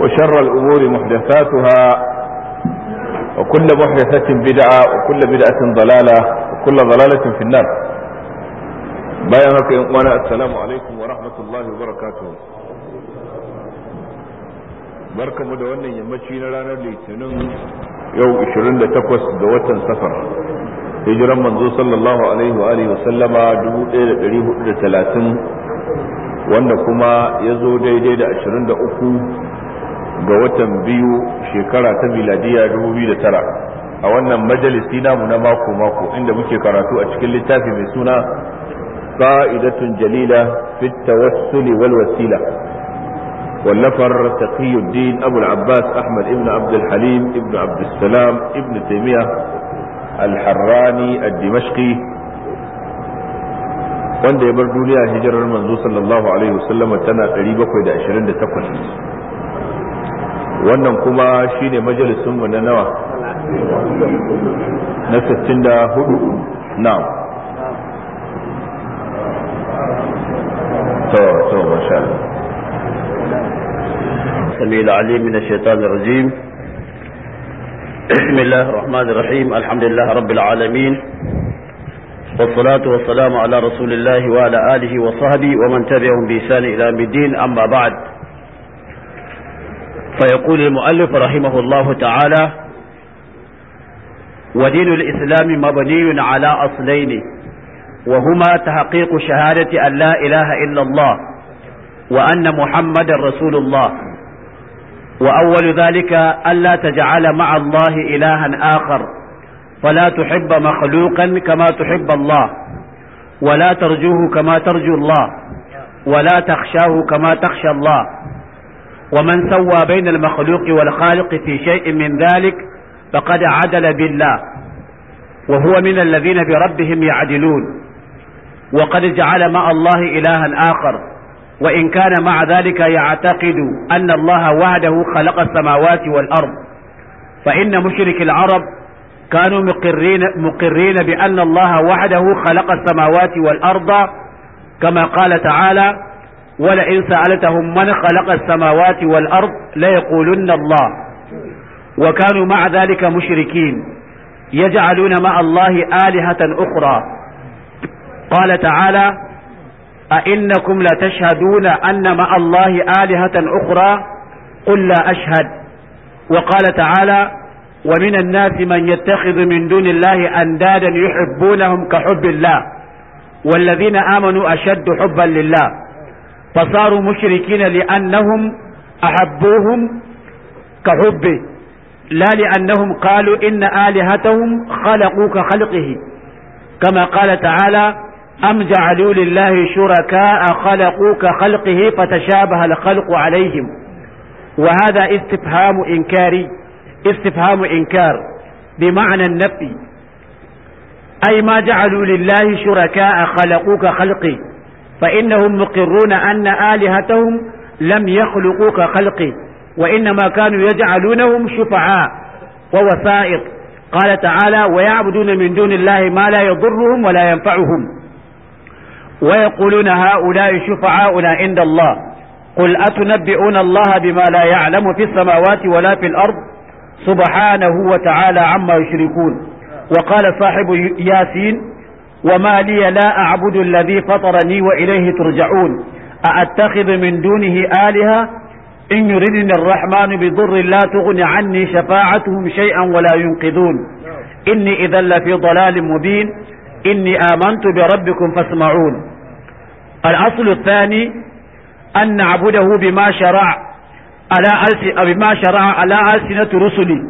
وشر الأمور محدثاتها وكل محدثة بدعة وكل بدعة ضلالة وكل ضلالة في النار بيانك وانا السلام عليكم ورحمة الله وبركاته barkamu da wannan yammaci na ranar litinin yau 28 ga watan safar hijiran manzo sallallahu alaihi wa alihi wasallama 1430 wanda kuma ya zo daidai da uku. ga watan biyu shekara ta miladiya 2009 a wannan majalisi namu na mako mako inda muke karatu a cikin littafi mai suna qa'idatun jalila fi tawassuli wal wasila wallafar taqiyuddin abul abbas ahmad ibn abd halim ibn abd ibn taymiya al-harrani dimashqi wanda ya bar duniya hijirar manzo sallallahu alaihi wasallam tana 728 wannan kuma shine majalisunmu na nawa na 64 na'am to to masha سميع العليم من الشيطان الرجيم بسم الله الرحمن الرحيم الحمد لله رب العالمين والصلاة والسلام على رسول الله وعلى آله وصحبه ومن تبعهم بإحسان إلى الدين أما بعد فيقول المؤلف رحمه الله تعالى ودين الإسلام مبني على أصلين وهما تحقيق شهادة أن لا إله إلا الله وأن محمد رسول الله وأول ذلك ألا تجعل مع الله إلها آخر فلا تحب مخلوقا كما تحب الله ولا ترجوه كما ترجو الله ولا تخشاه كما تخشى الله ومن سوى بين المخلوق والخالق في شيء من ذلك فقد عدل بالله وهو من الذين بربهم يعدلون وقد جعل مع الله إلها آخر وإن كان مع ذلك يعتقد أن الله وحده خلق السماوات والأرض فإن مشرك العرب كانوا مقرين, مقرين بأن الله وحده خلق السماوات والأرض كما قال تعالى ولئن سألتهم من خلق السماوات والأرض ليقولن الله وكانوا مع ذلك مشركين يجعلون مع الله آلهة أخرى قال تعالى أئنكم لتشهدون أن مع الله آلهة أخرى قل لا أشهد وقال تعالى ومن الناس من يتخذ من دون الله أندادا يحبونهم كحب الله والذين آمنوا أشد حبا لله فصاروا مشركين لأنهم أحبوهم كحبه لا لأنهم قالوا إن آلهتهم خلقوا كخلقه كما قال تعالى أم جعلوا لله شركاء خلقوا كخلقه فتشابه الخلق عليهم وهذا استفهام إنكاري استفهام إنكار بمعنى النفي أي ما جعلوا لله شركاء خلقوا كخلقه فإنهم مقرون أن آلهتهم لم يخلقوا كخلقي وإنما كانوا يجعلونهم شفعاء ووسائط قال تعالى ويعبدون من دون الله ما لا يضرهم ولا ينفعهم ويقولون هؤلاء شفعاؤنا عند الله قل أتنبئون الله بما لا يعلم في السماوات ولا في الأرض سبحانه وتعالى عما يشركون وقال صاحب ياسين وما لي لا أعبد الذي فطرني وإليه ترجعون أأتخذ من دونه آلهة إن يردني الرحمن بضر لا تغن عني شفاعتهم شيئا ولا ينقذون إني إذا لفي ضلال مبين إني آمنت بربكم فاسمعون الأصل الثاني أن نعبده بما شرع على ألسن بما شرع على ألسنة رسلي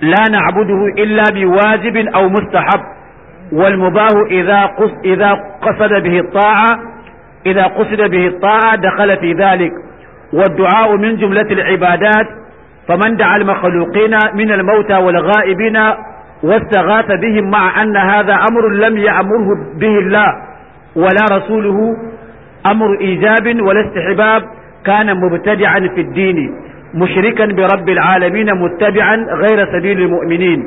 لا نعبده إلا بواجب أو مستحب والمباه إذا قصد, إذا قصد به الطاعة إذا قصد به الطاعة دخل في ذلك والدعاء من جملة العبادات فمن دعا المخلوقين من الموتى والغائبين واستغاث بهم مع أن هذا أمر لم يأمره به الله ولا رسوله أمر إيجاب ولا استحباب كان مبتدعا في الدين مشركا برب العالمين متبعا غير سبيل المؤمنين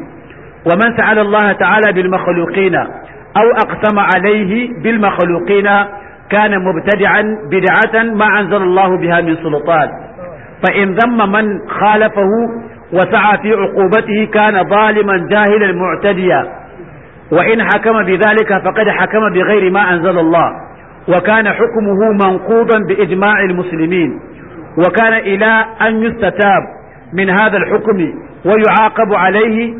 ومن سأل الله تعالى بالمخلوقين أو أقسم عليه بالمخلوقين كان مبتدعا بدعة ما أنزل الله بها من سلطان فإن ذم من خالفه وسعى في عقوبته كان ظالما جاهلا معتديا وإن حكم بذلك فقد حكم بغير ما أنزل الله وكان حكمه منقوضا بإجماع المسلمين وكان إلى أن يستتاب من هذا الحكم ويعاقب عليه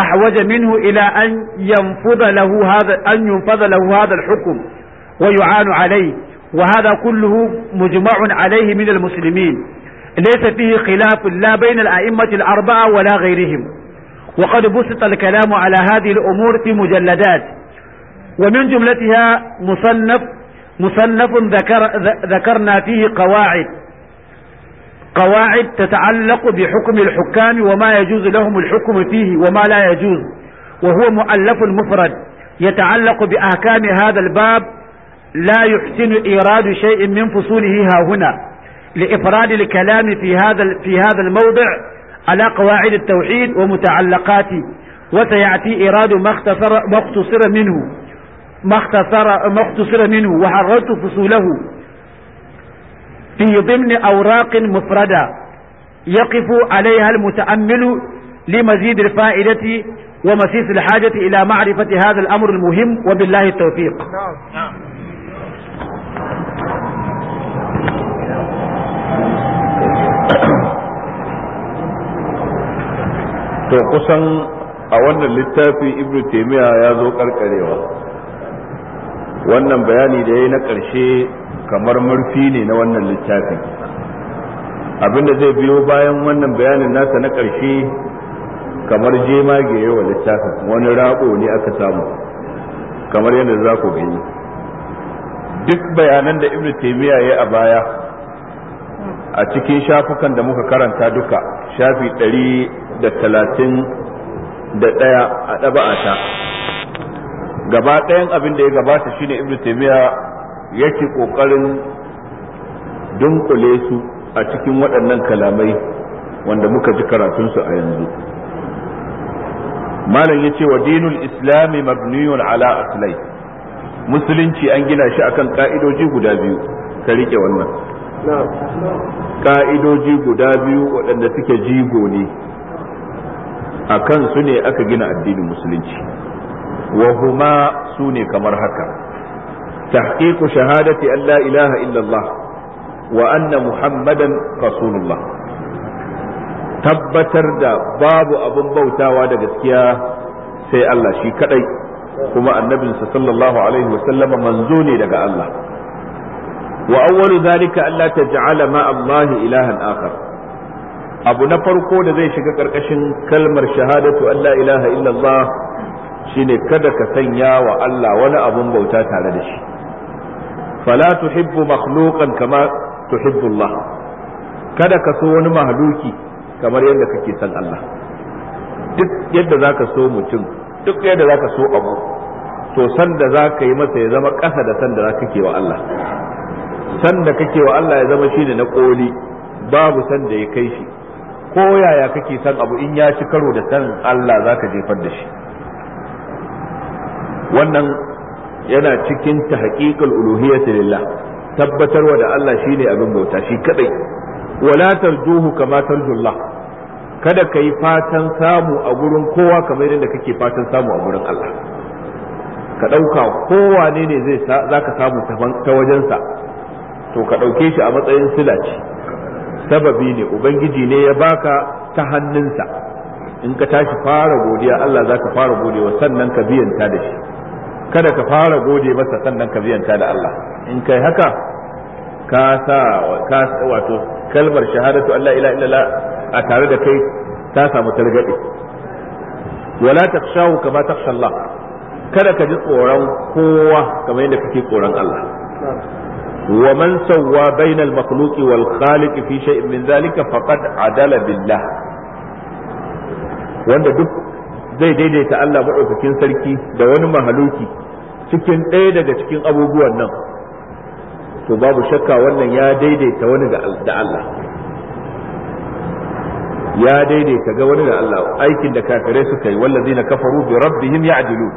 أحوج منه إلى أن ينفذ له هذا أن ينفذ له هذا الحكم ويعان عليه وهذا كله مجمع عليه من المسلمين ليس فيه خلاف لا بين الأئمة الأربعة ولا غيرهم وقد بسط الكلام على هذه الأمور في مجلدات ومن جملتها مصنف مصنف ذكر ذكرنا فيه قواعد قواعد تتعلق بحكم الحكام وما يجوز لهم الحكم فيه وما لا يجوز وهو مؤلف مفرد يتعلق بأحكام هذا الباب لا يحسن إيراد شيء من فصوله ها هنا لإفراد الكلام في هذا في هذا الموضع على قواعد التوحيد ومتعلقاته وسيأتي إيراد ما اختصر ما اختصر منه ما اختصر ما اختصر منه وحررت فصوله في ضمن أوراق مفردة يقف عليها المتأمل لمزيد الفائدة ومسيس الحاجة إلى معرفة هذا الأمر المهم وبالله التوفيق نعم. نعم. to ابن a يا littafi ibn taimiyya ya zo karkarewa wannan bayani da na kamar murfi ne na wannan littafi da zai biyo bayan wannan bayanin nasa na ƙarshe kamar jemage yawa littafin wani raƙo ne aka samu kamar yadda za ku gani duk bayanan da ibn Taimiyya ya a baya a cikin shafukan da muka karanta duka shafi ɗari da talatin da ɗaya a ɗaba'ata gaba ɗayan abin da ya gabata shine ibn Taimiyya. yake ƙoƙarin dunkule su a cikin waɗannan kalamai wanda muka ji su a yanzu malam ya ce wa dinul islami mabniyun ala aslai musulunci an gina shi akan ka'idoji guda biyu ka rike wannan ka'idoji guda biyu waɗanda suke jigo ne Akan su ne aka gina addinin musulunci wa huma su ne kamar haka tahqiqu shahadati an la ilaha illallah wa anna muhammadan rasulullah tabbatar da babu abin bautawa da gaskiya sai Allah shi kadai kuma annabinsa sallallahu alaihi wa sallama manzo ne daga Allah wa awwalu zalika alla taj'ala ma Allah ilahan akhar abu na farko da zai shiga karkashin kalmar shahadatu an la ilaha illallah shine kada ka sanya wa Allah wani abun bauta tare da shi fala tuhibbu makhluqan kama tuhibbu Allah kada ka so wani mahluki kamar yadda kake son Allah duk yadda zaka so mutum duk yadda zaka so abu to san da zaka yi masa ya zama ƙasa da san da zaka ke wa Allah san da kake wa Allah ya zama shine na koli babu san da ya kai shi ko yaya kake san abu in ya ci karo da san Allah zaka jefar da shi wannan yana cikin ta ta uluhiyyati lillah tabbatarwa da Allah shi ne abin bauta shi kadai wala tarjuhu kama tarjullah kada ka yi fatan samu a gurin kowa kamar yadda kake fatan samu a gurin Allah ka ɗauka kowa ne ne zai za ka samu ta wajensa to ka ɗauke shi a matsayin silaci sababi ne ubangiji ne ya baka ta hannunsa in ka tashi fara godiya Allah za ka fara godewa sannan ka biyanta da shi kada ka fara gode masa sannan ka da Allah in kai haka ka sa ka wato kalmar shahadatu Allah ila illallah a tare da kai ta samu targade wala takshahu kama taksha Allah kada ka ji tsoron kowa kamar yadda kake tsoron Allah wa man sawwa bainal makhluqi wal khaliq fi shay'in min zalika faqad adala billah wanda duk zai daidaita Allah maɗaukakin sarki da wani mahaluki cikin ɗaya daga cikin abubuwan nan to babu shakka wannan ya daidaita wani da Allah ya daidaita ga wani da Allah aikin da kafirai suka yi na kafaru bi rabbihim ya'dilu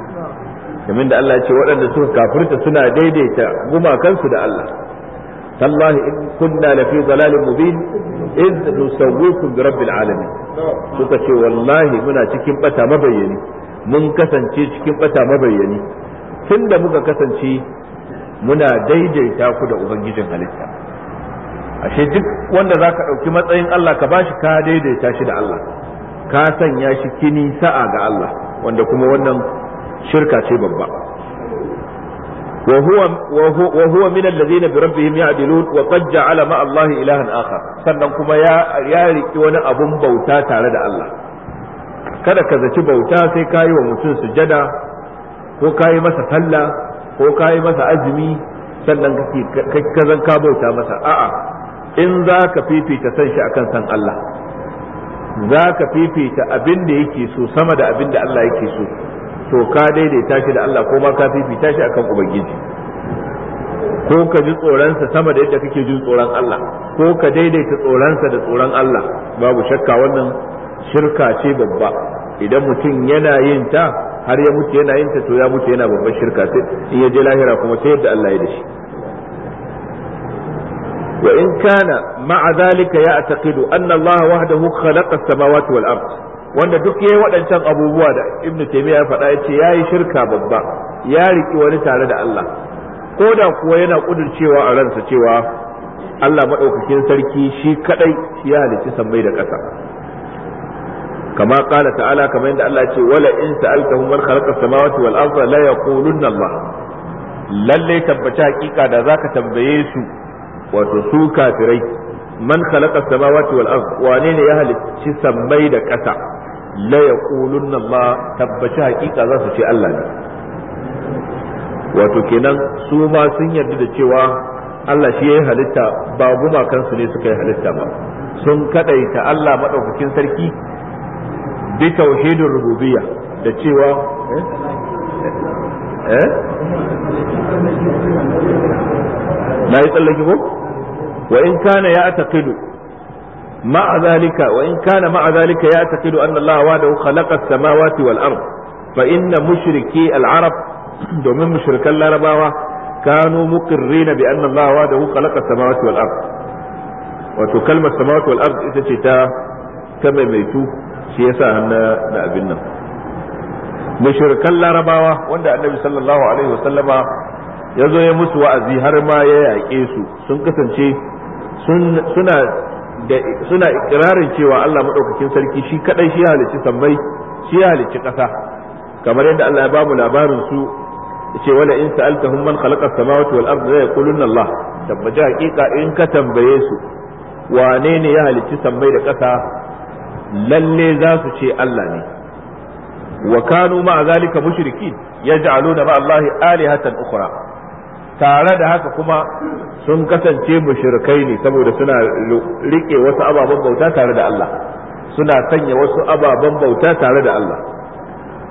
kamar da Allah ya ce waɗanda suka kafirta suna daidaita gumakansu da Allah tallahi in kunna fi dalalin mubin iz nusawwikum bi rabbil alamin suka ce wallahi muna cikin bata mabayyani mun kasance cikin bata mabayyani tun da muka kasance muna daidaita ku da ubangijin halitta ashe duk wanda za ka ɗauki matsayin Allah ka bashi ka daidaita shi da Allah ka sanya shi kini sa'a ga Allah wanda kuma wannan shirka ce babba wa min وهو bi rabbihim ya'dilun wa qad ja'ala ma Allah ilahan akhar sannan kuma ya ya riki wani abun bauta tare da Allah kada ka zaci bauta sai kayi wa mutum sujada ko ka yi masa sallah ko ka yi masa azumi sannan kake ka zan ka bauta masa a'a in za ka fifita san shi akan san Allah za ka fifita abin da yake so sama da abin da Allah yake so to ka daidaita shi da Allah ko ma ka fifita shi akan ubangiji ko ka ji tsoronsa sama da yadda kake jin tsoron Allah ko ka daidaita tsoronsa da tsoron Allah babu shakka wannan shirka ce babba idan mutum yana yin ta har ya mutu yana yin ta to ya mutu yana babban shirka sai in ya je lahira kuma sai yadda Allah ya da shi wa in kana ma'a zalika ya ataqidu anna Allah wahdahu khalaqa as-samawati wal ard wanda duk yayi waɗancan abubuwa da Ibn Taymiyyah ya faɗa yace yayi shirka babba ya riki wani tare da Allah ko da kuwa yana kudurcewa a ransa cewa Allah madaukakin sarki shi kadai ya halicci sammai da ƙasa kama qala ta'ala kamar yadda Allah ce wala in sa'altahum man khalaqa samawati wal arda la yaqulunna Allah lalle tabbata hakika da zaka tambaye su wato su kafirai man khalaqa samawati wal arda wane ne ya halicci sammai da ƙasa la yaqulunna Allah tabbata hakika za su ce Allah ne wato kenan su ma sun yarda da cewa Allah shi ya yi halitta ba gumakansu ne suka yi halitta ba sun kadaita Allah maɗaukakin sarki bi tauhidin rububiyya da cewa eh na yi tsallake ko wa in kana ya taqidu مع ذلك وإن كان مع ذلك يعتقد أن الله وحده خلق السماوات والأرض فإن مشركي العرب دومين مشركا العرباوة كانوا مقرين بأن الله وحده خلق السماوات والأرض وتكلم السماوات والأرض إذا شتاء كما ميتوه shi yasa hannu na abin nan mushrikan larabawa wanda annabi sallallahu alaihi wasallama ya zo ya musu wa'azi har ma ya yaƙe su sun kasance suna ikirarin cewa Allah maɗaukakin sarki shi kaɗai shi halicci sammai shi halicci ƙasa kamar yadda Allah ya bamu labarin su ce wala in sa'altahum man khalaqa as-samawati wal arda la yaquluna Allah tabbaja haƙiƙa in ka tambaye su wane ne ya halicci sammai da ƙasa lalle za su ce Allah ne wa kanu ma zalika mushrikin yaj'aluna ma Allahi alihatan ukhra tare da haka kuma sun kasance mushrikai ne saboda suna rike wasu ababen bauta tare da Allah suna sanya wasu ababen bauta tare da Allah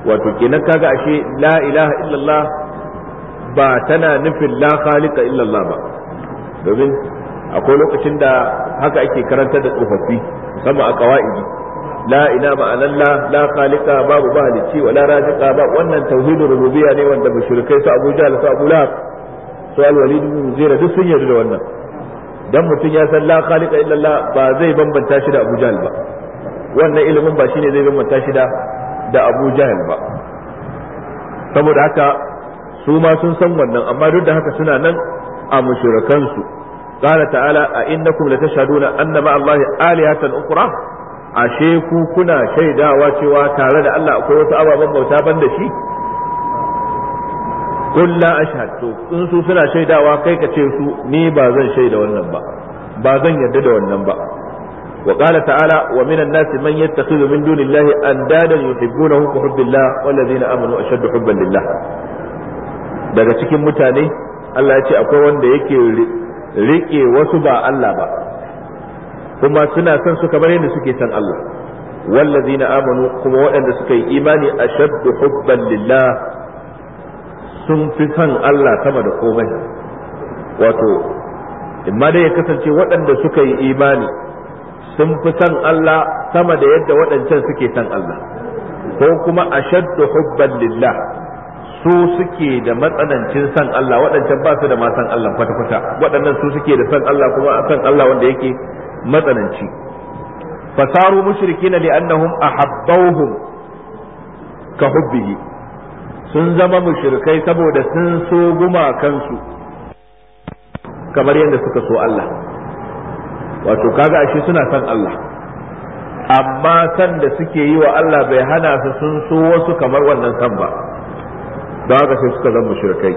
wato kenan kaga ashe la ilaha illallah ba tana nufin la khaliqa illallah ba domin akwai lokacin da haka ake karanta da tsofaffi musamman a kawa'idi la ila ma'analla la khaliqa babu ba halici wala raziqa ba wannan tauhidur rububiyya ne wanda mushrikai su Abu su Abu Lahab su Al-Walid bin Zira duk sun yarda da wannan dan mutum ya san la khaliqa illa Allah ba zai bambanta shi da Abu ba wannan ilimin ba shine zai bambanta shi da da Abu ba saboda haka su ma sun san wannan amma duk da haka suna nan a mushrikansu قال تعالى أئنكم لتشهدون أن مع ali آلهة أخرى ashe ku kuna shaidawa cewa tare da Allah akwai wasu ababen bauta ban da shi kulla ashhadu in su suna shaidawa kai ka ce su ni ba zan shaida wannan ba ba zan yarda da wannan ba wa ta'ala wa minan الناس man yattakhidhu min dunillahi الله yuhibbunahu ka hubbillah wal ladina amanu ashaddu hubban lillah. daga cikin mutane Allah ya ce akwai wanda yake riƙe wasu ba Allah ba kuma suna son su kamar yadda suke san Allah wallazina amanu kuma waɗanda suka yi imani ashaddu hubban lillah sun fi son Allah sama da komai wato imma dai ya kasance waɗanda suka yi imani sun fi son Allah sama da yadda waɗancan suke son Allah ko kuma ashaddu hubban lillah su suke da matsanancin san Allah waɗancan ba su da ma san Allah kwata-kwata waɗannan su suke da san Allah kuma san Allah wanda yake matsananci fasaru mushrikina li'annahum ahabbawhum ka hubbihi sun zama mushrikai saboda sun so gumakansu kamar yadda suka so Allah wato kaga ashe suna son Allah amma san da suke yi wa Allah bai hana su sun so wasu kamar wannan san ba don haka sai suka zama mushrikai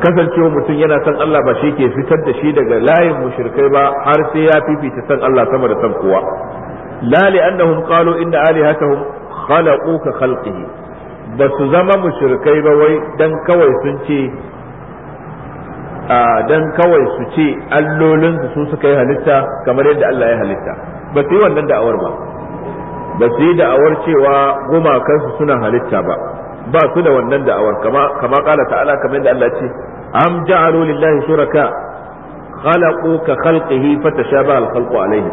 kasancewa mutum yana san Allah ba shi ke fitar da shi daga layin mushrikai ba har sai ya fifita san Allah sama da san kowa la li annahum qalu inna alihatahum khalaqu khalqihi ba su zama mushrikai ba wai dan kawai sun ce dan kawai su ce allolin su suka yi halitta kamar yadda Allah ya halitta ba su yi wannan da'awar ba ba su yi da'awar cewa gumakansu suna halitta ba ba su da wannan da'awar kama kama kala ta'ala kamar da Allah ce am ja'alu lillahi shuraka khalaqu ka khalqihi fatashaba al-khalqu alayhi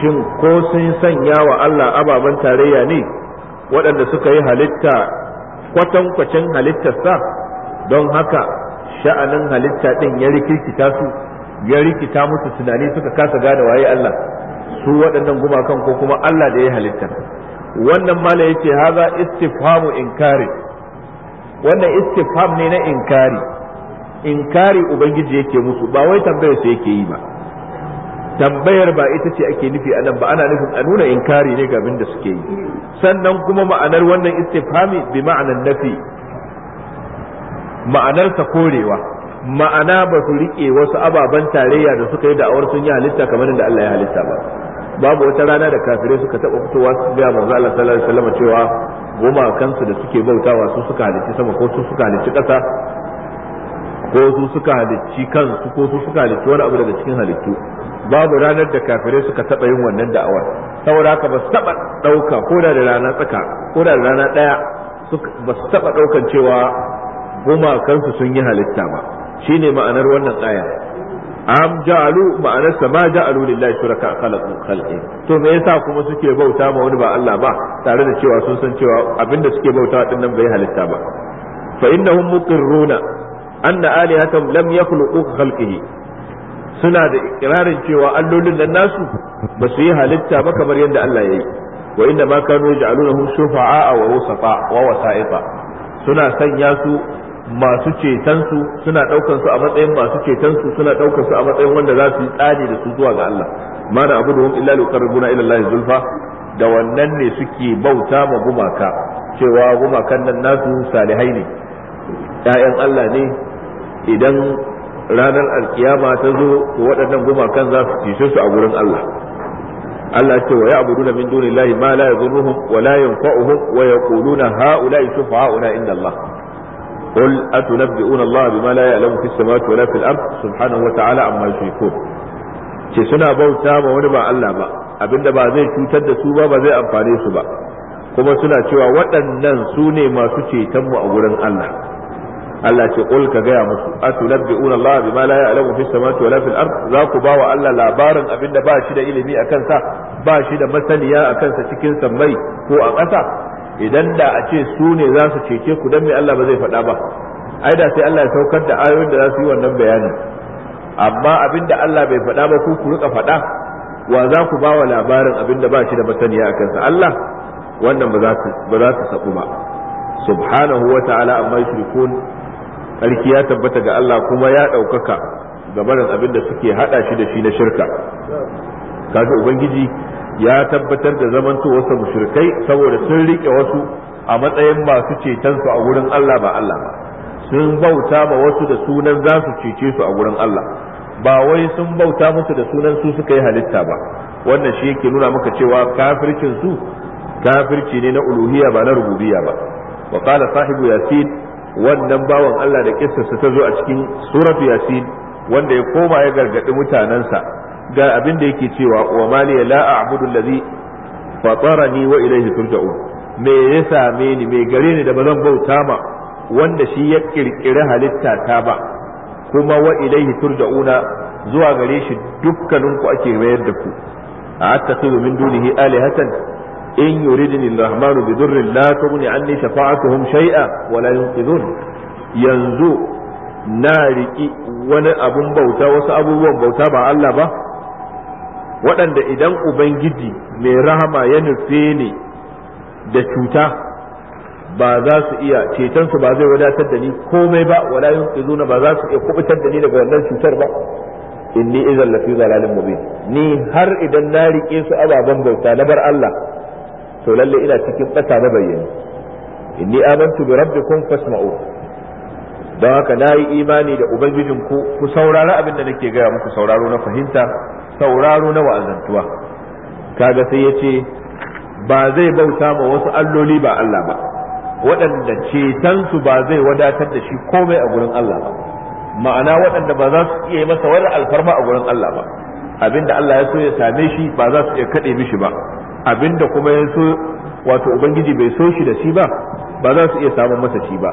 shin ko sun sanya wa Allah ababan tarayya ne waɗanda suka yi halitta kwatankwacin sa don haka sha'anin halitta ɗin ya rikirkita su ya rikita musu tunani suka kasa gane waye Allah su waɗannan gumakan ko kuma Allah da ya halitta wannan mala yace haza istifhamu inkari wannan istifham ne na inkari inkari ubangiji yake musu ba wai tambayar sai yake yi ba tambayar ba ita ce ake nufi a nan ba ana nufin a nuna inkari ne ga abin da suke yi sannan kuma ma'anar wannan istifhami bi ma'anar nafi ma'anarsa korewa ma'ana ba su riƙe wasu ababen tarayya da suka yi da'awar sun yi halitta kamar da Allah ya halitta ba babu wata rana da kafirai suka taba fitowa su ga manzo Allah sallallahu alaihi wasallam cewa gumakansu da suke bautawa su suka halicci sama ko su suka halicci ƙasa ko su suka halicci kansu ko su suka halicci wani abu daga cikin halittu babu ranar da kafirai suka taba yin wannan da'awa saboda haka ba su taba dauka ko da rana tsaka ko da rana daya ba su taba daukan cewa gumakansu sun yi halitta ba shine ma'anar wannan tsaya am ja'alu ma'anarsa ma ja'alu lillahi shuraka khalaqu khalqi to me yasa kuma suke bauta ma wani ba Allah ba tare da cewa sun san cewa abinda suke bauta din nan bai halitta ba fa innahum muqirruna anna alihatahum lam yakhluqu khalqihi suna da ikirarin cewa allolin nan nasu ba su yi halitta ba kamar yadda Allah ya yi wa inna ma kanu yaj'alunahum shufa'a wa wasata wa wasa'ifa suna sanya su masu cetonsu suna daukar su a matsayin masu cetonsu suna daukar su a matsayin wanda za su yi tsani da su zuwa ga Allah ma da abu da hum illa liqarrabuna ila Allah zulfa da wannan ne suke bauta ma gumaka cewa gumakan nan nasu salihai ne ƴaƴan Allah ne idan ranar alkiyama ta zo to waɗannan gumakan za su cece su a gurin Allah Allah ce wa ya'buduna min dunillahi ma la yadhurruhum wa la yanfa'uhum wa yaquluna ha'ula'i shufa'a'una inda Allah قل أتنبئون الله بما لا يعلم في السماوات ولا في الأرض سبحانه وتعالى عما يشركون ce suna bauta ma wani ba Allah ba abinda ba zai cutar da su ba ba zai amfane su ba kuma suna cewa waɗannan su ne masu ceton mu a gurin Allah Allah ce qul ka gaya musu atunabbi'una Allah bima la ya'lamu fis samawati wala fil ard za ku ba wa Allah labarin abinda ba shi da ilimi akan sa ba shi da masaniya akan sa cikin sammai ko a ƙasa idan da a ce su ne za su cece ku dan me Allah ba zai faɗa ba ai da sai Allah ya saukar da ayoyin da za su yi wannan bayanin amma abin da Allah bai faɗa ba ku ku rika faɗa wa za ku ba wa labarin abin da ba shi da masaniya akan sa Allah wannan ba za su ba za su saku ba subhanahu wa ta'ala amma yushrikun sarki ya tabbata ga Allah kuma ya ɗaukaka gabarin abin da suke haɗa shi da shi na shirka kaga ubangiji ya tabbatar da wasu mushrikai saboda sun rike wasu a matsayin masu cetonsu a wurin Allah ba Allah ba sun bauta ma wasu da sunan za su cece su a wurin Allah ba wai sun bauta musu da sunan su suka yi halitta ba wannan shi yake nuna maka cewa kafircin su kafirci ne na uluhiyya ba na rububiyya ba wa qala sahibu yasin wannan bawan Allah da kissa ta zo a cikin suratu yasin wanda ya koma ya gargadi mutanansa ga abin da yake cewa wa mali la a'budu allazi fatarani wa ilayhi turja'un me ya same ni me gare ni da bazan bauta ma wanda shi ya kirkiri halitta ta ba kuma wa ilayhi turja'una zuwa gare shi dukkanin ku ake mayar da ku a attakhidhu min dunihi alihatan in yuridni rahmanu bi dhurrin la tughni anni shafa'atuhum shay'a wa la yunqidhun yanzu na riki wani abun bauta wasu abubuwan bauta ba Allah ba waɗanda idan ubangiji mai rahama ya nufe ne da cuta ba za su iya cetonsu ba zai wadatar da ni komai ba wala yunqizuna ba za su iya kubutar da ni daga wannan cutar ba inni idan lafi zalalin mubin ni har idan na rike su ababen bauta na bar Allah to lalle ina cikin tsaka na bayyane ni amantu bi rabbikum fasma'u don haka na yi imani da ubangijinku ku saurari abin da nake gaya muku sauraro na fahimta sauraro na wa'azantuwa kaga sai ya ce ba zai bauta ma wasu alloli ba Allah ba waɗanda cetonsu ba zai wadatar da shi komai a gurin Allah ba ma'ana waɗanda ba za su iya masa wani alfarma a gurin Allah ba abinda Allah ya so ya same shi ba za su iya kaɗe mishi ba abinda kuma ya so wato ubangiji bai so shi da shi ba ba za su iya samun masa shi ba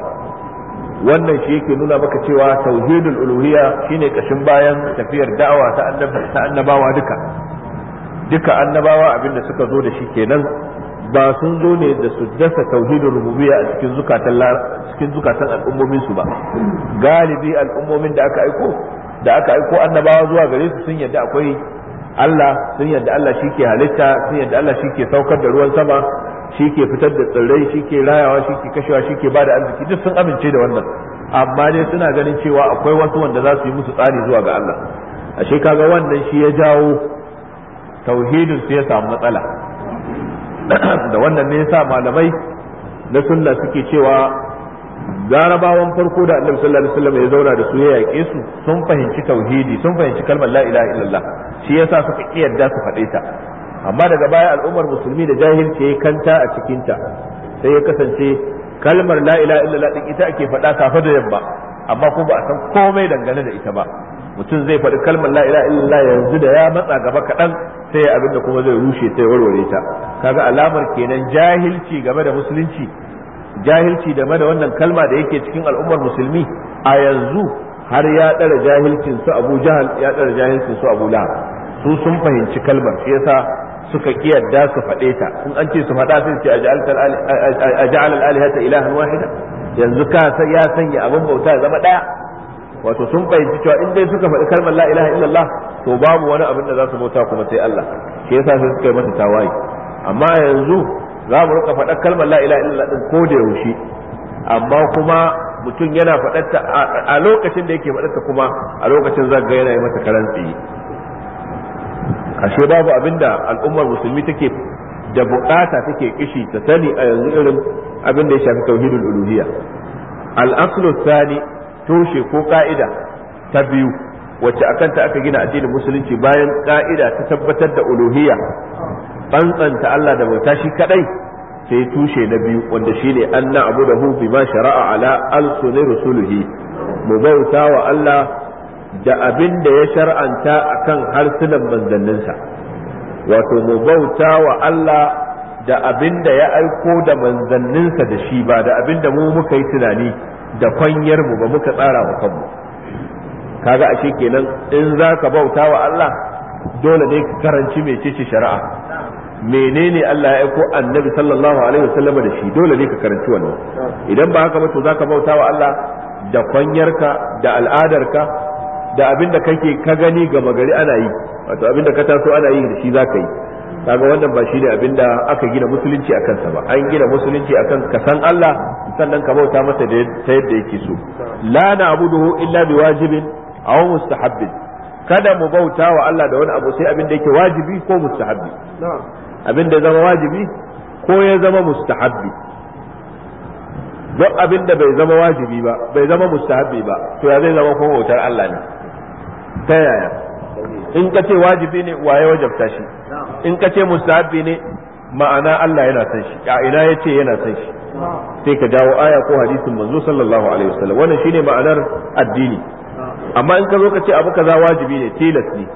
wannan shi yake nuna maka cewa tauhidul uluhiyya shine kashin bayan tafiyar da'awa ta annabawa duka duka annabawa abinda suka zo da shi kenan ba sun zo ne da su dasa tauhidin rububiyya a cikin zukatan cikin zukatan al'ummomin su ba galibi al'ummomin da aka aiko da aka aiko annabawa zuwa gare su sun yadda akwai Allah sun yadda Allah shi ke halitta sun yadda Allah shi ke saukar da ruwan sama shi ke fitar da tsirrai shi ke rayawa shi ke kashewa shi ke bada arziki duk sun amince da wannan amma dai suna ganin cewa akwai wasu wanda za su yi musu tsari zuwa ga Allah ashe kaga wannan shi ya jawo tauhidin su ya samu matsala da wannan ne yasa malamai na sunna suke cewa garabawan farko da annabi sallallahu alaihi wasallam ya zauna da su ya yake su sun fahimci tauhidi sun fahimci kalmar la ilaha illallah shi yasa suka kiyarda su faɗe ta amma daga baya al'ummar musulmi da jahilci ya kanta a cikinta sai ya kasance kalmar la ilaha din ita ake faɗa kafa da yamma amma ko ba a san komai dangane da ita ba mutum zai faɗi kalmar la yanzu da ya matsa gaba kaɗan sai abinda kuma zai rushe sai warware ta kaga alamar kenan jahilci game da musulunci jahilci game da wannan kalma da yake cikin al'ummar musulmi a yanzu har ya ɗara jahilcin su Abu Jahal ya ɗara jahilcin su Abu Lahab su sun fahimci kalmar shi yasa suka kiyarda su faɗe ta in an ce su faɗa sun ce a ja'al al ilahan wahida yanzu ka ya sanya abin bauta ya zama ɗaya wato sun fahimci cewa in dai suka faɗi kalmar la ilaha illallah to babu wani abin da za su bauta kuma sai Allah shi yasa sai suka yi mata tawaye amma yanzu za mu rika faɗar kalmar la ilaha illallah din ko da yaushe amma kuma mutum yana faɗarta a lokacin da yake faɗarta kuma a lokacin zaga yana yi mata karan ashe babu abinda al'ummar musulmi take da bukata take kishi ta sani a yanzu irin abin da ya shafi tauhidul uluhiyya al-aslu thani ko ka'ida ta biyu wacce akan ta aka gina addinin musulunci bayan ka'ida ta tabbatar da uluhiyya tsantsanta Allah da bauta shi kadai sai tushe na biyu wanda shine anna bi ma shara'a ala al-sunni rusulihi mu bauta wa Allah da abin da ya shar'anta kan harsunan manzanninsa wato mu bauta wa Allah da abin da ya aiko da manzanninsa da shi ba da abin da mu muka yi tunani da kwanyar mu ba muka tsara wa kanmu kaga ashe kenan in za ka bauta wa Allah dole ne ka karanci mecece shari'a menene Allah ya aiko annabi sallallahu alaihi wasallam da shi dole ne ka karanci wannan idan ba haka ba to ka bauta wa Allah da kwanyarka da al'adarka da abin da kake ka gani gama gari ana yi wato abin da ka taso ana yi da shi za ka yi kaga wannan ba shi ne abin da aka gina musulunci akan sa ba an gina musulunci akan ka san Allah sannan ka bauta masa da ta yadda yake so la na'buduhu illa wajibin aw mustahabbin kada mu bauta wa Allah da wani abu sai abin da yake wajibi ko mustahabbi abin da zama wajibi ko ya zama mustahabbi duk abin da bai zama wajibi ba bai zama mustahabbi ba to ya zai zama kuma bautar Allah ne ta yaya in ka ce wajibi ne ya wajabta shi in ka ce mustahabi ne ma'ana Allah yana san shi a ina yace yana san shi sai ka dawo aya ko hadisin manzo sallallahu alaihi wasallam wannan shine ma'anar addini amma in ka zo ka ce abu kaza wajibi ne tilas ne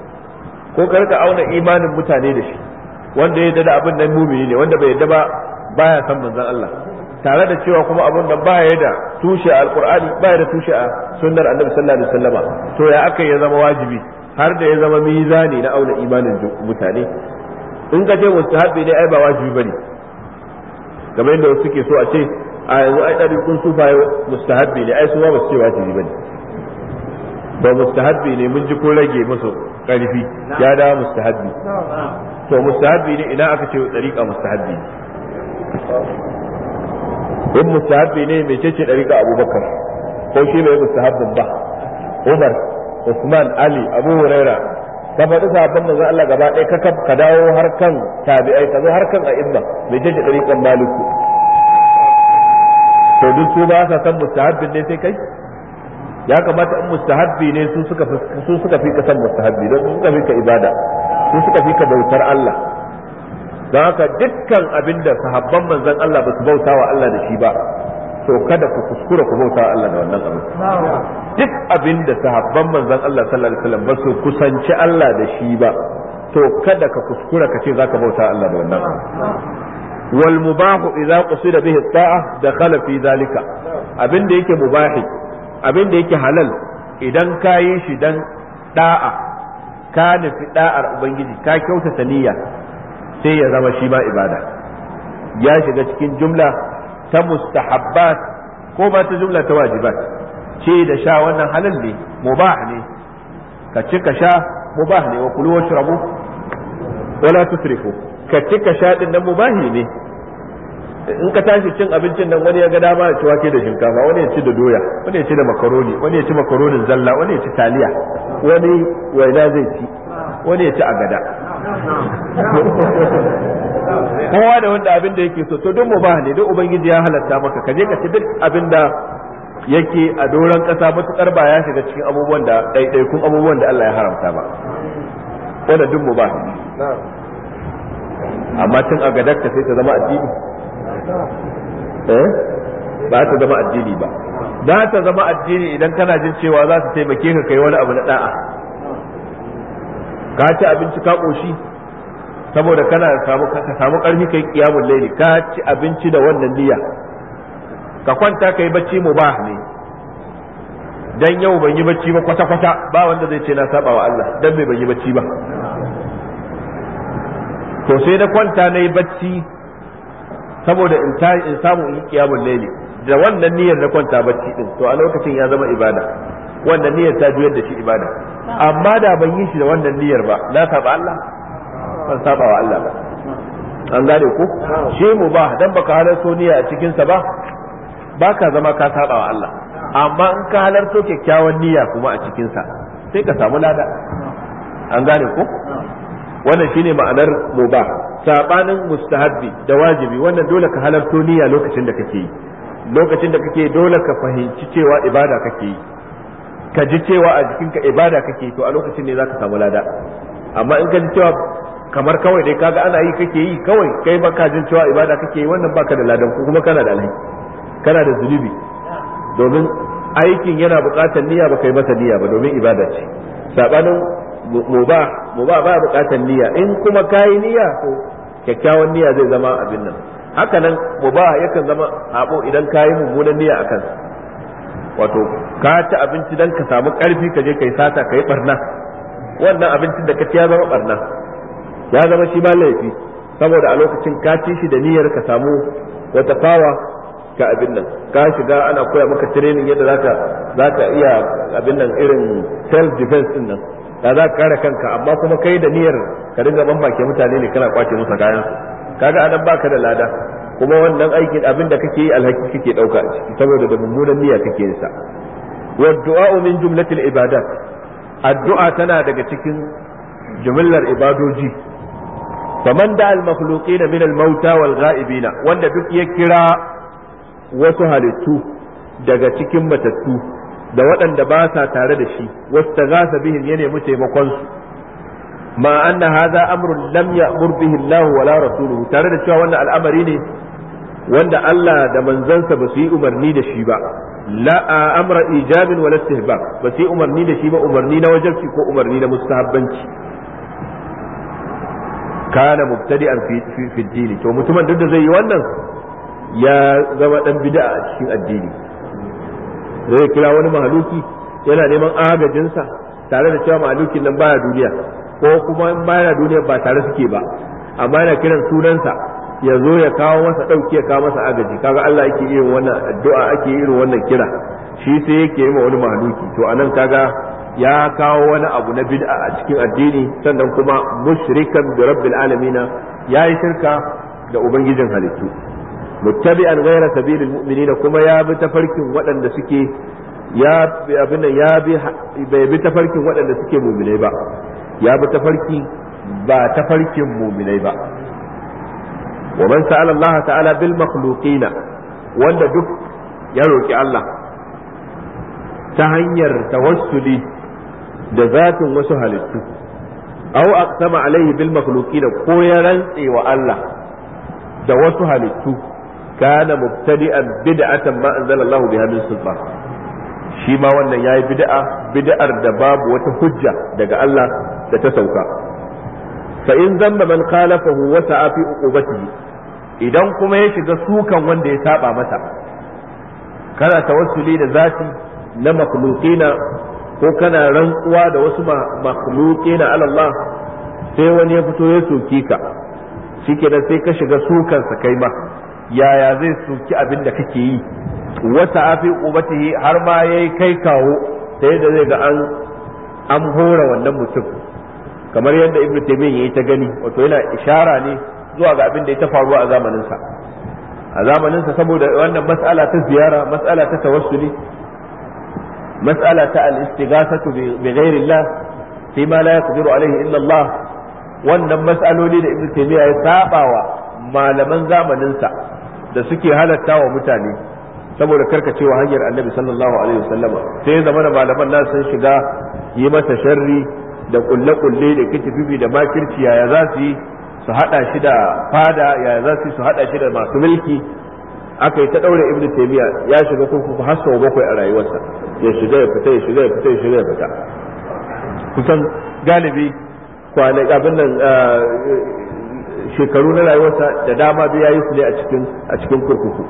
ko ka auna imanin mutane da shi wanda ya yarda da abin nan mumini ne wanda bai yadda ba baya san manzon Allah tare da cewa kuma abun da ba ya da tushe a alkur'ani ba ya da tushe a sunnar annabi sallallahu alaihi wasallama to ya aka ya zama wajibi har da ya zama mizani na auna imanin mutane in ka ce mustahabi ne ai ba wajibi bane kamar yadda wasu suke so a ce a yanzu ai dari kun su bayo mustahabi ne ai su ba su ce wajibi bane ba mustahabi ne mun ji ko rage musu karfi ya da mustahabi to mustahabi ne idan aka ce dariqa mustahabi in mustahabbi ne mai ce dariƙa abubakar ko shi ne mustahabbin ba umar usman ali abu huraira ka faɗi sahabban manzo Allah gaba ɗaya ka ka dawo har kan tabi'ai ka zo har kan a'imma mai ce dariƙan maliku to duk su ba sa san mustahabbin ne sai kai ya kamata in mustahabbi ne su suka su suka fi ka mustahabi mustahabbi don su suka fi ka ibada su suka fi ka bautar Allah don haka dukkan abin da sahabban manzon Allah ba su bauta wa Allah da shi ba to kada ku kuskura ku bauta wa Allah da wannan abin duk abin da sahabban manzon Allah sallallahu alaihi wasallam ba su kusanci Allah da shi ba to kada ka kuskura ka ce zaka bauta wa Allah da wannan wal mubah idza qusida bihi ta'a dakhala fi zalika abin da yake mubahi abin da yake halal idan ka yi shi dan da'a ka nufi da'ar ubangiji ka kyautata niyya sai ya zama shi ba ibada ya shiga cikin jumla ta mustahabbat ko ba ta jumla ta wajibat ce da sha wannan halal ne mubah ne ka ci ka sha mubah ne wa kulu washrabu wala tusrifu ka ci ka sha din nan mubahi ne in ka tashi cin abincin nan wani ya ga dama ya ci wake da shinkafa wani ya ci da doya wani ya ci da makaroni wani ya ci makaronin zalla wani ya ci taliya wani waina zai ci wani ya ci agada kowa da wanda abin da yake so to duk ba ne duk ubangiji ya halatta maka kaje ka ci duk abin da yake a doron kasa matukar ba ya shiga cikin abubuwan da ɗaiɗaikun abubuwan da Allah ya haramta ba wanda duk mu ba. amma tun a gadarta sai ta zama addini eh ba ta zama addini ba za ta zama addini idan kana jin cewa za su taimake ka kai wani abu na da'a ka ci abinci ka koshi saboda kana ka samu karfi kai kiyamul laili ka ci abinci da wannan niyya ka kwanta kai bacci ba ne dan yau ban yi bacci ba kwata kwata ba wanda zai ce na saba wa Allah dan bai ban yi bacci ba to sai na kwanta na yi bacci saboda in ta in samu kiyamul laili da wannan niyyar na kwanta bacci din to a lokacin ya zama ibada wannan niyyar ta juyar da shi ibada amma da ban yi shi da wannan niyyar ba na saba Allah ban saba wa Allah ba an gane ku shi mu ba dan baka halarto niyya a cikin sa ba baka zama ka saba wa Allah amma in ka halarto kyakkyawan niyya kuma a cikin sa sai ka samu lada an gane ku wannan shine ma'anar mubah sabanin mustahabbi da wajibi wannan dole ka halarto niyya lokacin da kake yi lokacin da kake dole ka fahimci cewa ibada kake yi ka ji cewa a jikinka ibada kake to a lokacin ne zaka samu lada amma in ka ji cewa kamar kawai dai kaga ana yi kake yi kawai kai ba ka jin cewa ibada kake yi wannan baka da ladan ko kuma kana da alhaki kana da zulubi domin aikin yana buƙatar niyya ba kai masa niyya ba domin ibada ce sabanin muba muba ba buƙatar niyya in kuma kai niyya to kyakkyawan niyya zai zama abin nan haka nan muba yakan zama abo idan kayi mummunan niyya akan wato ka ci abinci dan ka samu karfi ka je kai sata kai barna wannan abincin da ka ci ya zama barna ya zama shi ba laifi saboda a lokacin ka ci shi da niyyar ka samu wata fawa ka abin nan ka shiga ana koya maka training yadda zaka zaka iya abin nan irin self defense din nan da za ka kare kanka amma kuma kai da niyyar ka dinga banbake mutane ne kana kwace musu kayan kaga adan baka da lada kuma wannan aikin abin da kake yi alhaki kake dauka a ciki saboda da mummunan niyya kake yin sa wa du'a min ibadat addu'a tana daga cikin jumlar ibadoji faman da al makhluqina min al mauta wal ghaibina wanda duk ya kira wasu halittu daga cikin matattu da waɗanda ba sa tare da shi wastaghatha bihim ya nemi taimakon su ma anna hadha amrun lam ya'mur bihi Allah wala rasuluhu tare da cewa wannan al'amari ne wanda Allah da manzansa ba su yi umarni da shi ba la a amra ijabin wala istihbab ba su yi umarni da shi ba umarni na wajibi ko umarni na mustahabbanci kana mubtadi'an fi fi dini to mutumin duk da zai yi wannan ya zama dan bid'a a cikin addini zai kira wani mahaluki yana neman agajinsa tare da cewa mahalukin nan baya duniya ko kuma in baya duniya ba tare suke ba amma yana kiran sunansa ya zo ya kawo masa ɗauki ya kawo masa agaji kaga Allah ake irin wannan addu'a ake irin wannan kira shi sai yake yi ma wani mahaluki to anan kaga ya kawo wani abu na bid'a a cikin addini sannan kuma mushrikan bi rabbil alamina yi shirka da ubangijin halittu muttabi'an ghayra sabilil mu'minina kuma ya bi tafarkin waɗanda suke ya abin ya bi bai bi tafarkin waɗanda suke mu'minai ba ya bi tafarki ba tafarkin mu'minai ba wa man sa'ala Allah ta'ala bil makhluqina wanda duk ya roki Allah ta hanyar ta wasuli da zatin wasu halittu au aqsama alaihi bil makhluqina ko ya rantse wa Allah da wasu halittu da mubtadi'an bid'atan ma anzalallahu biha min sultan shi ma wannan yayi bid'a bid'ar da babu wata hujja daga Allah da ta sauka fa in zamba man khalafahu wa sa'a fi idan kuma ya shiga sukan wanda ya saba masa kana tawassuli da zati na makhluqina ko kana rantsuwa da wasu makhluqina ala Allah sai wani ya fito ya soki ka shike da sai ka shiga sukan sa kai ma yaya zai soki abin da kake yi wata afi ubatihi har ma yayi kai kawo sai da zai ga an an hora wannan mutum kamar yadda ibnu taymiyyah yayi ta gani wato yana ishara ne zuwa ga abin da ya ta faru a zamanin sa a zamanin sa saboda wannan mas'ala ta ziyara mas'ala ta tawassuli mas'ala ta al-istighasatu bi ghairi Allah fi ma la yaqdiru alayhi illa Allah wannan mas'aloli da ibnu taymiyyah ya sabawa malaman zamanin sa da suke halatta wa mutane saboda cewa hanyar annabi sallallahu alaihi wasallama sai ya zama malaman nan sun shiga yi masa sharri da kulle-kulle da bibi, da makirci yaya za su yi su hada shi da fada yaya za su yi su hada shi da masu mulki aka yi ta daure ibn taymiya ya shiga kurkuku ku hasso bakwai a rayuwarsa ya shiga ya fita ya shiga ya fita ya shiga ya fita kusan galibi kwana abin nan ah, shekaru na rayuwarsa da dama bai yayi su ne a cikin a cikin kurkuku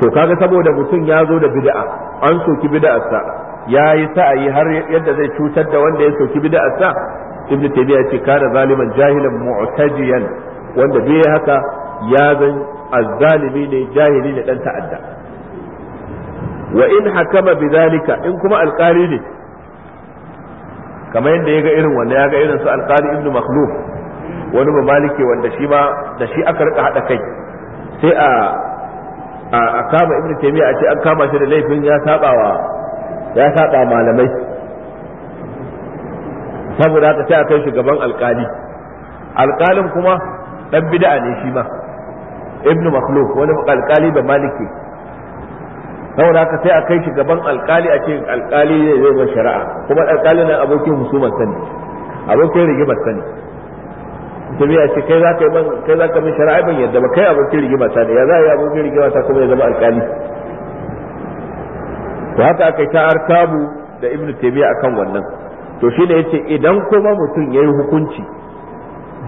to kaga saboda mutum ya zo da bid'a an soki bid'arsa ya yi sa'ayi har yadda zai cutar da wanda ya soki bid'arsa ibn taymiya ce kana zaliman jahilan mu'tajiyan wanda bai haka ya zan azzalimi ne jahili ne dan ta'adda wa in hakama bid'alika in kuma alqari ne kamar yadda ya ga irin wanda ya ga irin su alqari ibn makhluf wani ba malike wanda shi ma da shi aka rika hada kai sai a a kama ibn taymiya a ce an kama shi da laifin ya sabawa ya saba malamai saboda haka sai a kai shugaban alkali alkalin kuma dan bid'a ne shi ma ibnu makhluq wani alkali da maliki saboda haka sai a kai shi gaban alkali a ce alkali ne zai mai shari'a kuma alkali na abokin husumar sani abokin rigimar sani biya ce kai za ka yi kai za ka min shari'a ban yadda ba kai abokin rigimar sani ya za a yi abokin rigimar sani kuma ya zama alkali to haka aka yi ta artabu da ibnu taymiya akan wannan to shine yace idan kuma mutum yayi hukunci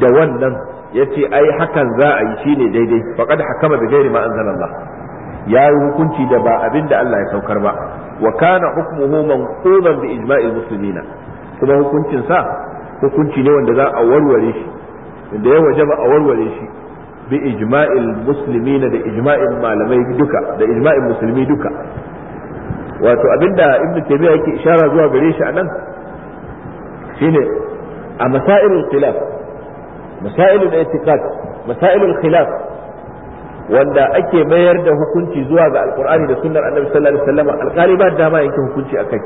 da wannan yace ai hakan za a yi shine daidai faqad hakama bi ghairi ma anzalallah ya yi hukunci da ba abin da Allah ya saukar ba wa kana hukmuhu manquban bi ijma'il muslimina kuma hukuncin sa hukunci ne wanda za a warware shi da ya wajaba a warware shi bi ijma'il muslimina da ijma'in malamai duka da ijma'in musulmi duka wato abinda ibn taymiya yake ishara zuwa gare shi anan shine a masailul khilaf masailul i'tiqad masailul khilaf wanda ake mayar da hukunci zuwa ga alqur'ani da sunnar annabi sallallahu alaihi wasallam alqali ba dama yake hukunci akai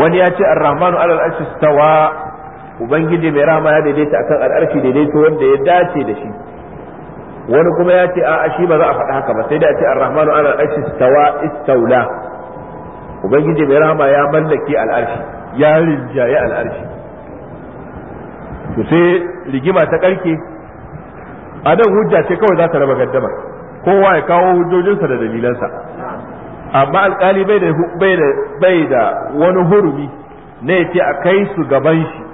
wani ya ce ar-rahmanu alal arshi stawa ubangiji mai rama ya daidaita akan al'arshi daidaito wanda ya dace da shi wani kuma ya ce a'a shi ba za a faɗi haka ba sai da ce a rahmanu ala al-arshi istawa istaula ubangiji mai rahama ya mallake al'arshi ya rinjaye al'arshi to sai rigima ta karke a hujja ce kawai za ta raba gaddama kowa ya kawo hujjojinsa da dalilansa amma alkali bai da bai da wani hurumi na ya ce a kai su gaban shi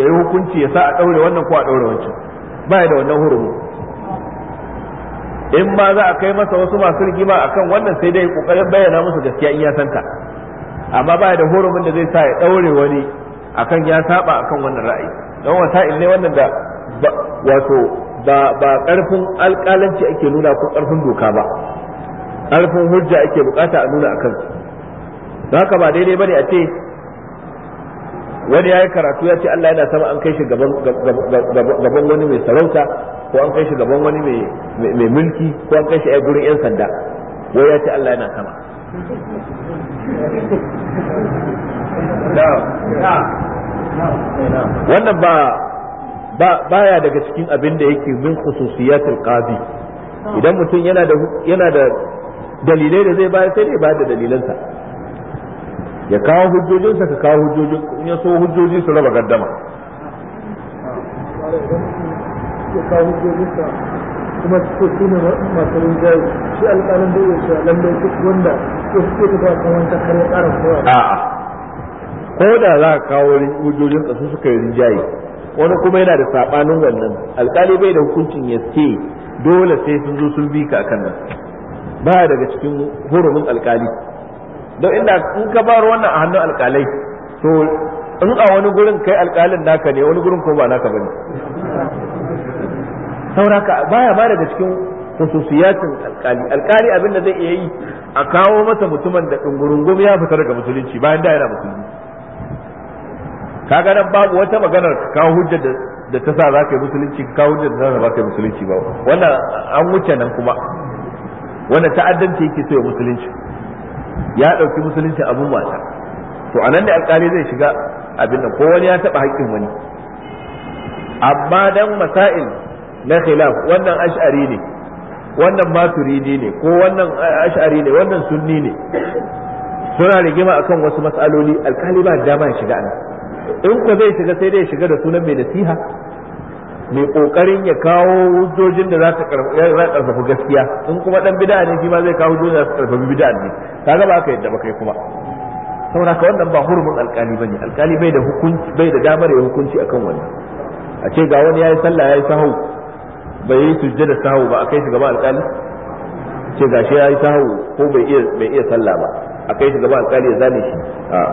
ya yi hukunci ya sa a ɗaure wannan ko a ɗaure wancan ba da wannan hurumi in ma za a kai masa wasu masu rigima a kan wannan sai dai kokarin bayyana musu gaskiya in ya santa amma ba da horumin da zai sa ya daure wani akan ya saba akan wannan ra'ayi don wasa'il ne wannan da wato ba ba karfin alƙalanci ake nuna ko karfin doka ba karfin hujja ake bukata a nuna akan don haka ba daidai bane a ce wani ya yi karatu ya ce Allah yana sama an kai shi gaban wani mai sarauta ko an kai shi gaban wani mai mulki ko an kai shi a gurin yan sanda wai ya ce Allah yana sama wannan ba baya daga cikin abin da yake min khususiyatul qadi idan mutum yana da yana da dalilai da zai bayar sai ne ba da dalilansa ya kawo hujjojinsa ka kawo hujjojin ya so hujjoji su raba gaddama ke kawo hujjojinsa kuma su su masu rinjaye shi alƙalin da yake a lambar duk wanda ko suke ta ba kan wanda kare ƙarin kowa a'a ko da za ka kawo hujjojinsa su suka yi rinjaye wani kuma yana da saɓanin wannan alƙali bai da hukuncin ya ce dole sai sun zo sun bi ka kan nan ba daga cikin hurumin alƙali don inda in ka bar wannan a hannun alƙalai to in a wani gurin kai alƙalin naka ne wani gurin ko ba naka bane sauraka baya ba daga cikin hususiyatin alkali alkali abin da zai iya yi a kawo masa mutumin da dungurungum ya fita daga musulunci bayan da yana musulmi kaga nan babu wata maganar ka kawo hujjar da ta sa za ka yi musulunci ka kawo hujjar da za ka yi musulunci ba wannan an wuce nan kuma wannan ta'addanci yake so ya musulunci ya ɗauki musulunci abun wasa to anan da alkali zai shiga abin nan ko wani ya taɓa haƙƙin wani amma dan masail na khilaf wannan ash'ari ne wannan maturidi ne ko wannan ash'ari ne wannan sunni ne suna rigima akan wasu matsaloli alkali ba dama ya shiga ana in ko zai shiga sai dai ya shiga da sunan mai nasiha mai kokarin ya kawo hujjojin da za ta karfafa gaskiya in kuma dan bid'a ne shi ma zai kawo hujjojin da za ta karfafa bid'a ne kaga ba ka yadda ba kai kuma saboda ka wannan ba hurumin alkali bane alkali bai da hukunci bai da damar ya hukunci akan wannan a ce ga wani yayi sallah yayi sahau bai yi da sahu ba akai shi gaba alƙali ce gashi ya yi sahu ko bai iya bai iya sallah ba akai shi gaba alƙali ya zane shi a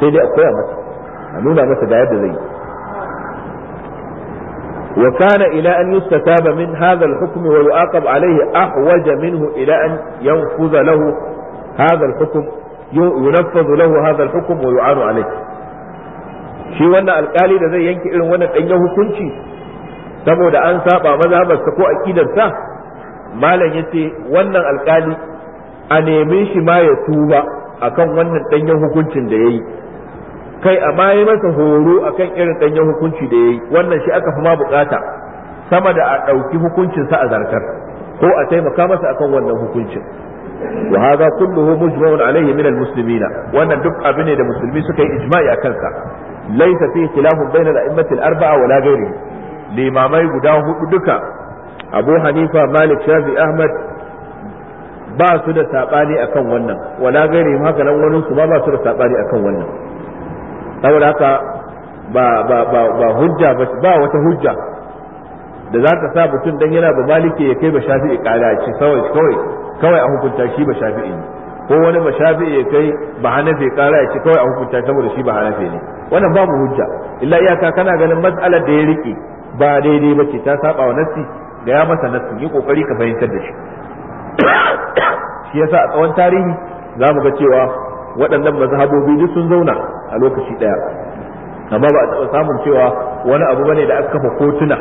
sai dai a koya masa a nuna masa ga yadda zai yi وكان إلى أن يستتاب من هذا الحكم ويعاقب عليه أحوج منه إلى أن ينفذ له هذا الحكم ينفذ له هذا الحكم ويعان عليه shi wannan alkali da zai yanke irin wannan ɗanyen hukunci saboda an saba mazhabarsa ko aqidarsa malam ce wannan alkali a neme shi ma ya tuba akan wannan danyen hukuncin da yayi kai a ma masa horo akan irin ɗanyen hukunci da ya yi. wannan shi aka fi ma bukata sama da a ɗauki hukuncinsa a zarkar ko a taimaka masa akan wannan hukuncin wa hadha kulluhu mujma'un alayhi min almuslimina wannan duk abu ne da musulmi suka yi ijma'i akan sa laysa fihi khilafun bayna al-a'immati arbaa wala ghayrihi limamai guda hudu duka abu hanifa malik shafi ahmad ba su da saɓani akan wannan wala gairi haka nan wani su ba ba su da saɓani akan wannan saboda haka ba ba ba ba hujja ba ba wata hujja da za ta sa mutum dan yana ba maliki ya kai ba shafi'i kala ce kawai kawai kawai a hukunta shi ba shafi'i ne ko wani ba shafi'i ya kai ba hanafi kala ya ce kawai a hukunta saboda shi ba hanafi ne wannan babu hujja illa iyaka kana ganin mas'alar da ya rike ba daidai ba ce ta saba wa nassi da ya masa nassi yi kokari ka fahimtar da shi shi yasa a tsawon tarihi za mu ga cewa waɗannan mazhabobi duk sun zauna a lokaci ɗaya amma ba a taɓa samun cewa wani abu bane da aka kafa kotuna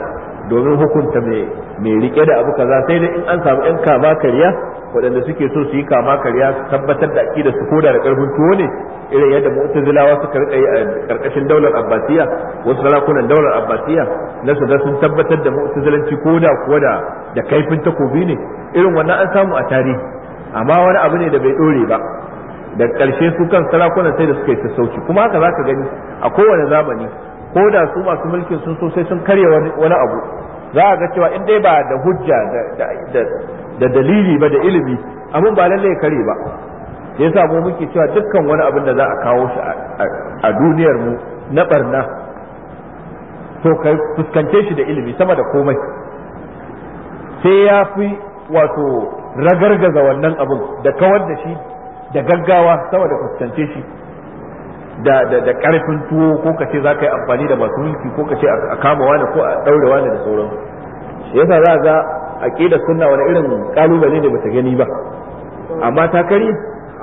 domin hukunta mai rike da abu kaza sai da in an samu yan kama kariya waɗanda suke so su yi kama kariya su tabbatar da aƙida su koda da ƙarfin tuwo ne irin yadda mu'tazilawa suka rika yi a ƙarƙashin daular abbasiya wasu sarakunan daular abbasiya na su ga sun tabbatar da mu'tazilanci koda kuwa da da kaifin takobi ne irin wannan an samu a tarihi amma wani abu ne da bai ɗore ba da ƙarshe su kan sarakunan sai da suka yi sassauci kuma haka za ka gani a kowane zamani ko da su masu mulkin sun so sai sun karya wani abu za a ga cewa in dai ba da hujja da dalili ba da ilimi abin ba lallai ya kare ba yasa mu muke cewa dukkan wani abin da za a kawo shi a duniyar mu na barna to ka fuskance shi da ilimi sama da komai sai ya fi wato ragargaza wannan abin da kawar da shi da gaggawa sama da fuskance shi da da karfin tuwo ko ka ce za ka yi amfani da masu mulki ko ka ce a kama wani ko a daure wani da sauran shi yasa za ga aqidar sunna wani irin kalubale ne bata gani ba amma ta kare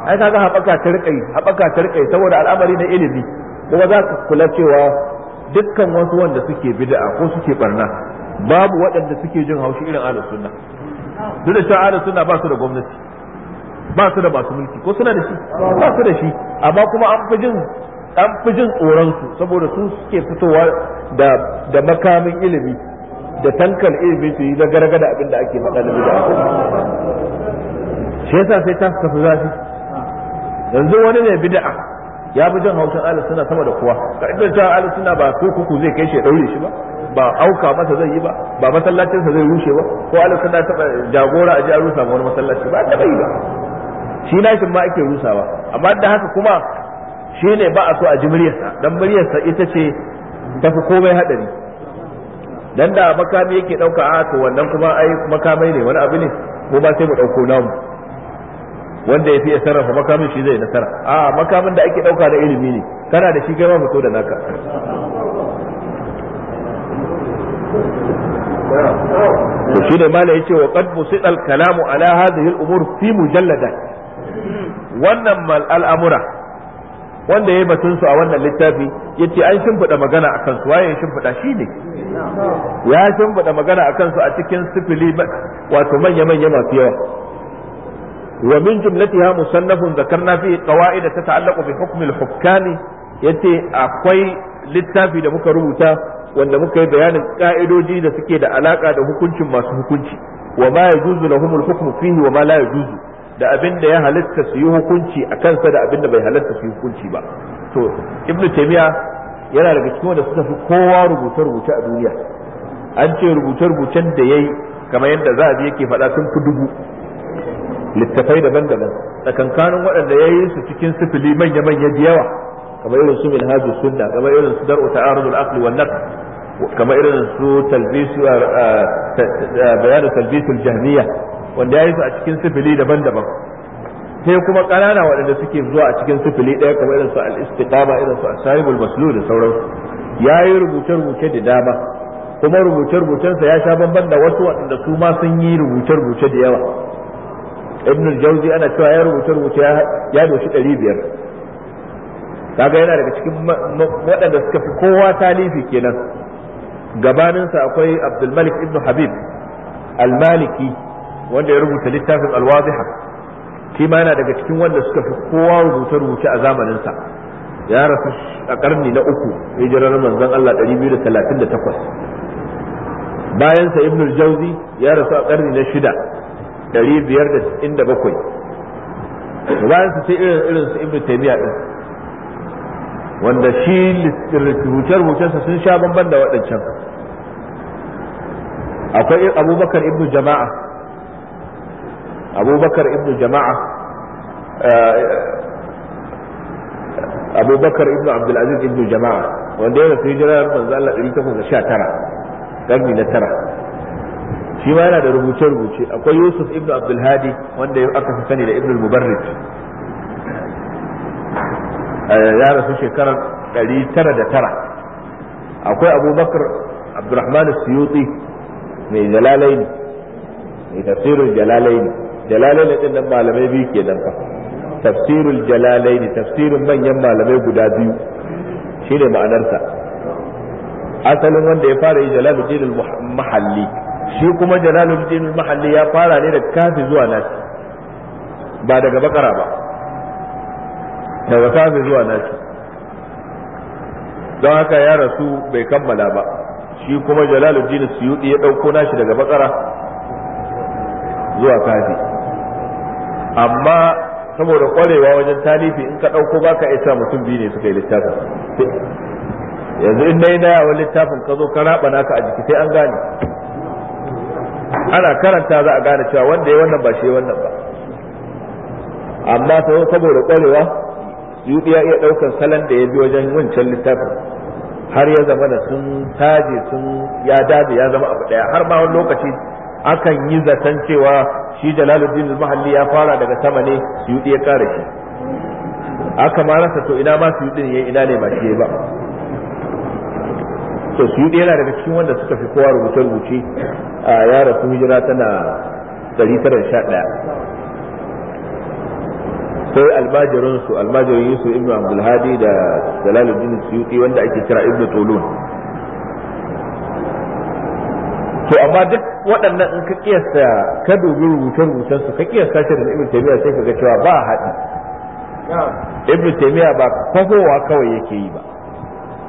ai kaga haɓaka ta rikai habaka ta saboda al'amari na ilimi kuma za ka kula cewa dukkan wasu wanda suke bid'a ko suke barna babu waɗanda suke jin haushi irin ahlus sunna duk da cewa ahlus sunna ba su da gwamnati ba su da masu mulki ko suna da shi ba su da shi amma kuma an fi jin an fi jin tsoron su saboda su suke fitowa da da makamin ilimi da tankal ilimi su yi zagaraga da abin da ake faɗa da bid'a shi yasa sai ta tafi zafi yanzu wani ne bid'a ya fi jin haushin ala suna sama da kowa ka idan ta ahlus suna ba ko kuku zai kai shi ya daure shi ba ba auka masa zai yi ba ba masallacinsa zai rushe ba ko ahlus suna taba jagora a ji a rusa wani masallaci ba ta bai ba shi nashin ma ake rusawa amma da haka kuma shi ne ba a so a ji muryarsa dan muryarsa ita ce tafi komai hadari dan da makami yake dauka a ah, to wannan kuma ai makamai ne wani abu ne ko ba sai mu dauko namu wanda ya fi sarrafa makamin shi zai nasara a makamin da ake dauka da ilimi ne kana da shi kai ma fito da naka to shi ne mala yace wa qad busita al kalamu ala hadhihi al umur fi mujallada wannan al'amura wanda ya batun su a wannan littafi yace an shimfiɗa magana a kansu waye ya shimfiɗa shi ne ya shimfiɗa magana a kansu a cikin sifili wato manya manya masu yawa wa min jumlatiha musannafun zakarna fi qawaid ta'allaqu bi hukm al-hukami yace akwai littafi da muka rubuta wanda muka yi bayanin ka'idoji da suke da alaka da hukuncin masu hukunci wa ma yajuzu lahumul hukmu fihi wa ma la yajuzu da abin da ya halitta su yi hukunci a kansa da abin da bai halitta su yi hukunci ba to ibnu taymiya yana daga cikin wanda suka fi kowa rubuce rubuce a duniya an ce rubuce rubucen da yayi kamar yadda za a yake faɗa sun fi dubu littafai daban-daban tsakankanin waɗanda ya yi su cikin sifili manya-manya da yawa kamar irin su minhaju sunna kamar irin su dar'u ta'arudul aqli wan naql kamar irin su talbisu bayanu talbisul jahmiyya wanda ya yi su a cikin sifili daban-daban sai kuma ƙanana waɗanda suke zuwa a cikin sifili ɗaya kamar irin su al-istiqama irin su ashabul da sauransu ya yi rubuce-rubuce da dama kuma rubuce-rubucensa ya sha bamban da wasu waɗanda su ma sun yi rubuce-rubuce da yawa ibn jauzi ana cewa ya rubuce-rubuce ya doshi ɗari biyar kaga yana daga cikin waɗanda suka fi kowa talifi kenan gabaninsa akwai abdulmalik ibn habib al-maliki wanda ya rubuta littafin alwaziha shi ma yana daga cikin wanda suka fi kowa rubuce-rubuce a zamaninsa ya rasu a karni na uku hijirar manzon Allah 238 bayansa ibnul jauzi ya rasu a karni na shida 597 bayansa sai irin irin su ibnu taymiya din wanda shi rubuce-rubucensa sun sha bamban da waɗancan akwai abubakar ibnu jama'a abubakar ibn jama'a eh, abubakar ibn abdulaziz ibn jama'a wanda ya rasu hijirar manzo Allah 1819 karni na tara shi ma yana da rubuce-rubuce akwai yusuf ibn abdulhadi wanda ya aka fi sani da ibn mubarrid eh, ya rasu shekarar 909 akwai abubakar abdurrahman suyuti mai jalalai mai tafsirin jalalai jalalai da nan malamai biyu kenan fa tafsirul ne, tafsirin manyan malamai guda biyu shine ma'anarsa asalin wanda ya fara yi jinin mahalli shi kuma jalaluddin mahalli ya fara ne daga kafi zuwa nasi ba daga bakara ba daga kafi zuwa nasi don haka ya rasu bai kammala ba shi kuma jalaluddin suyudi ya ɗauko nashi daga bakara zuwa kafi amma saboda kwarewa wajen talifi in ka ɗauko ba ka isa mutum biyu ne suka yi littafin yanzu in dai naya wani littafin ka zo ka raba naka a jiki sai an gane ana karanta za a gane cewa wanda ya wannan ba shi wannan ba amma saboda kwarewa yuɗi iya iya ɗaukar salon da ya bi wajen wancan littafin har ya zama da sun taje sun ya dade ya zama abu ɗaya har ma wani lokaci akan yi zaton cewa shi jalaluddin al-mahalli ya fara daga sama ne su ya kare shi aka ma rasa to ina ma yi ne ina ne ba shi ba to yi yana daga cikin wanda suka fi kowa rubuce rubuce a ya rasu hijira tana 1911 sai almajirin su yusuf ibn abdul hadi da jalaluddin suyudi wanda ake kira ibn tulun to amma duk waɗannan in ka kiyasta ka dubi rubuce rubutun su ka kiyasta shi da ibn taymiya sai ka ga cewa ba haɗi ibn taymiya ba kwafowa kawai yake yi ba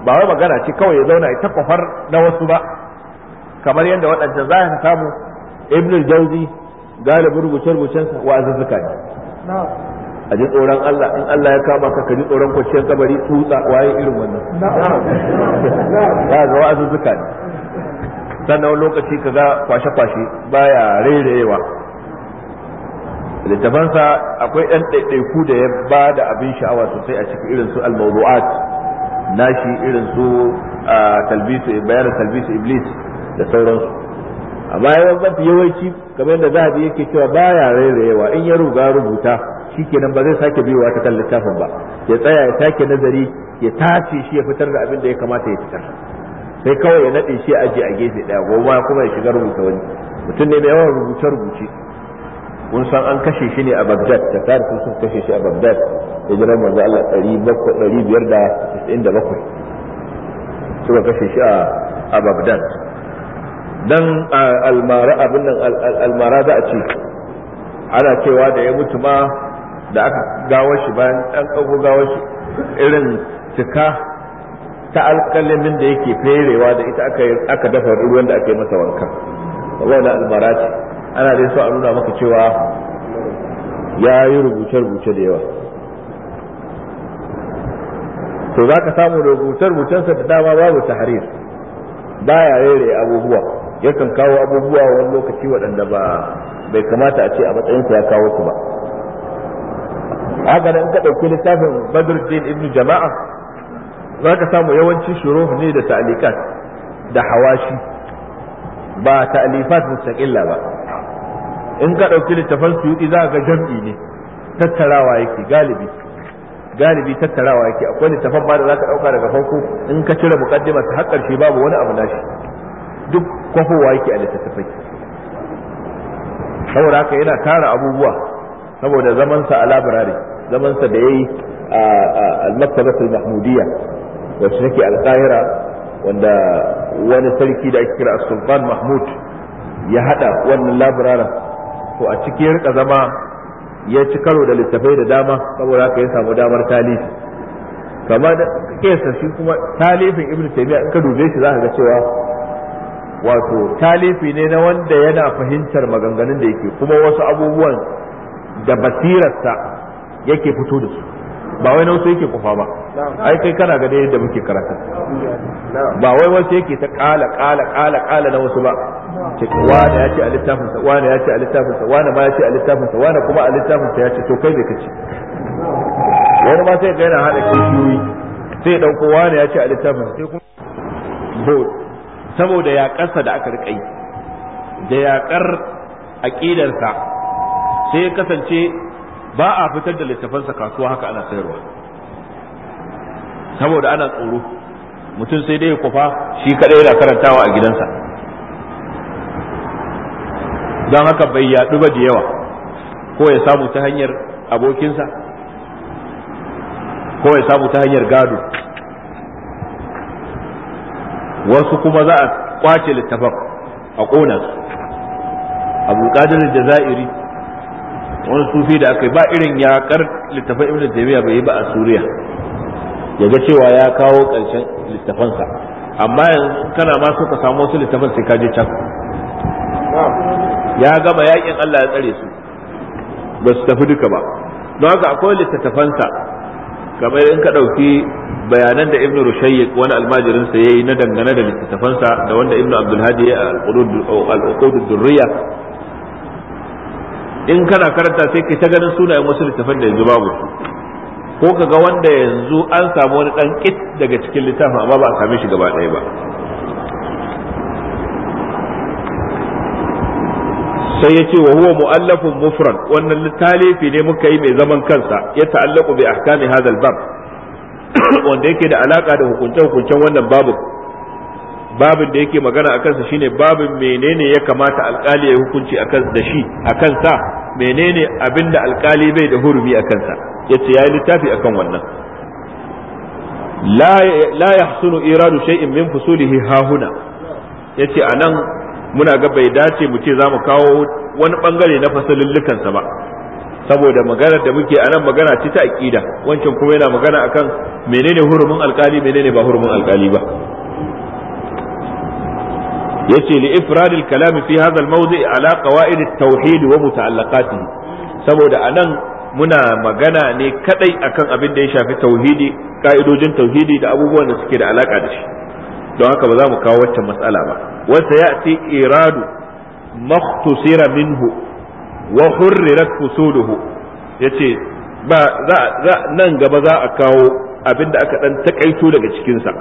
ba wai magana ce kawai ya zauna ya ta kwafar na wasu ba kamar yadda waɗanda za ka samu ibn jauzi galibin rubuce rubutun sa wa azuzzuka ne a ji tsoron Allah in Allah ya kama ka ka ji tsoron kwanciyar kabari tsutsa waye irin wannan ba ga wa ne sannan wani lokaci ka ga kwashe-kwashe baya rairewa littafansa akwai ɗan ɗaiɗaiku da ya ba da abin sha'awa sosai a cikin irin su al-mawdu'at nashi irin su talbisu bayar talbisu iblis da sauransu amma yawan zafi yawanci kamar yadda zahabi yake cewa baya rairayewa in ya ruga rubuta shikenan ba zai sake biyowa ta kan littafin ba ya tsaya ya sake nazari ya tace shi ya fitar da abin da ya kamata ya fitar sai kawai ya nade shi aje a gefe daya goma kuma ya shiga rubuta wani mutum ne mai yawan rubuce rubuce kun san an kashe shi ne a Baghdad da tarihi sun kashe shi a Baghdad da jiran manzo Allah 597 suka kashe shi a Baghdad dan almara abin nan almara da a ce ana cewa da ya mutu ma da aka gawo shi bayan an kago gawo shi irin cika ta alƙalamin da yake ferewa da ita aka dafa ruwan da ake masa wanka saboda albara ce ana dai so a nuna maka cewa ya yi rubuce-rubuce da yawa to za ka samu rubuce-rubucensa da dama babu tahrir ya rere abubuwa yakan kawo abubuwa wani lokaci waɗanda ba bai kamata a ce a matsayinsa ya kawo su ba haka nan ka ɗauki littafin badruddin ibnu jama'a Zaka samu yawanci shuruh ne da ta'alikat da hawashi ba ta'alifat mustaqilla ba in ka ɗauki littafan suyuti za ga jam'i ne tattarawa yake galibi galibi tattarawa yake akwai littafan ba da za ka ɗauka daga farko in ka cire mukaddima ta har ƙarshe babu wani abu nashi duk kwafowa yake a littattafai saboda haka yana tara abubuwa saboda zamansa a laburare, zamansa da yayi a al-maktabatul mahmudiyya wacce take alkahira wanda wani sarki da ake kira sultan mahmud ya hada wannan labirara to a ciki rika zama ya ci karo da littafai da dama saboda haka ya samu damar talifi kama da kesa shi kuma talifin ibnu taymiya in ka dube shi zaka ga cewa wato talifi ne na wanda yana fahimtar maganganun da yake kuma wasu abubuwan da basirarsa yake fito da su ba wai nausa yake kufa ba ai kai kana ga yadda muke karatu ba wai wasu yake ta kala kala kala kala na wasu ba ce wani ya ce a littafin sa wani ya ce a littafin sa wani ma ya ce a littafin sa wani kuma a littafin sa ya ce to kai bai kace wani ma sai ga yana hada kishiyoyi sai dauko wani ya ce a littafin sai kuma saboda yaƙarsa da aka rikai da yaƙar aqidarsa sai ya kasance ba a fitar da littafansa kasuwa haka ana sayarwa saboda ana tsoro mutum sai dai ya kufa shi kadai yana karantawa a gidansa don haka bai yaɗu ba da yawa ko ya samu ta hanyar abokinsa ko ya samu ta hanyar gado wasu kuma za a kwace littafan a ƙona su abu ƙadar da za'iri wani sufi da aka yi ba irin yakar littafan ibn taymiya bai yi ba a suriya ya cewa ya kawo ƙarshen littafansa amma yanzu kana ma so ka samu wasu littafan sai ka je can ya gama yakin Allah ya tsare su ba su tafi duka ba don haka akwai littattafansa kamar in ka ɗauki bayanan da Ibn rushayyiq wani almajirin sa yayi na dangane da littattafansa da wanda Ibn abdul hadi ya al durriya in kana karanta sai ka ta ganin sunayen wasu littafan da yanzu babu Ko ka ga wanda yanzu an samu wani dan kit daga cikin littafin amma ba a same shi gaba ɗaya ba sai yace wa huwa mu'allafun mufrad wannan talifi ne muka yi mai zaman kansa ya ta'allaku bi ahkami hadal bab wanda yake da alaka da hukunce hukuncen wannan babu babin da yake magana a kansa shine babin menene ya kamata alkali ya hukunci a da shi a kansa menene abin da alkali bai da hurumi a kansa Ya ce ya yi littafi a kan wannan la ya sunu iradu shay'in min fusulihi hahuna a nan, muna ga bai dace mu ce za mu kawo wani bangare na fasalullukansa ba saboda magana da muke a nan magana ce ta aƙida wancan kuma yana magana akan menene hurumin alkali menene ba hurumin alkali ba yace li ifradil kalami fi hadha al-mawdi' ala qawaid at-tauhid wa muta'allaqatihi saboda anan muna magana ne kadai akan abin da ya shafi tauhidi ka'idojin tauhidi da abubuwan da suke da alaka da shi don haka ba za mu kawo waccan matsala ba ya ya'ti iradu makhtusira minhu wa hurrirat fusuduhu yace ba za nan gaba za a kawo abin da aka dan takaito daga cikin sa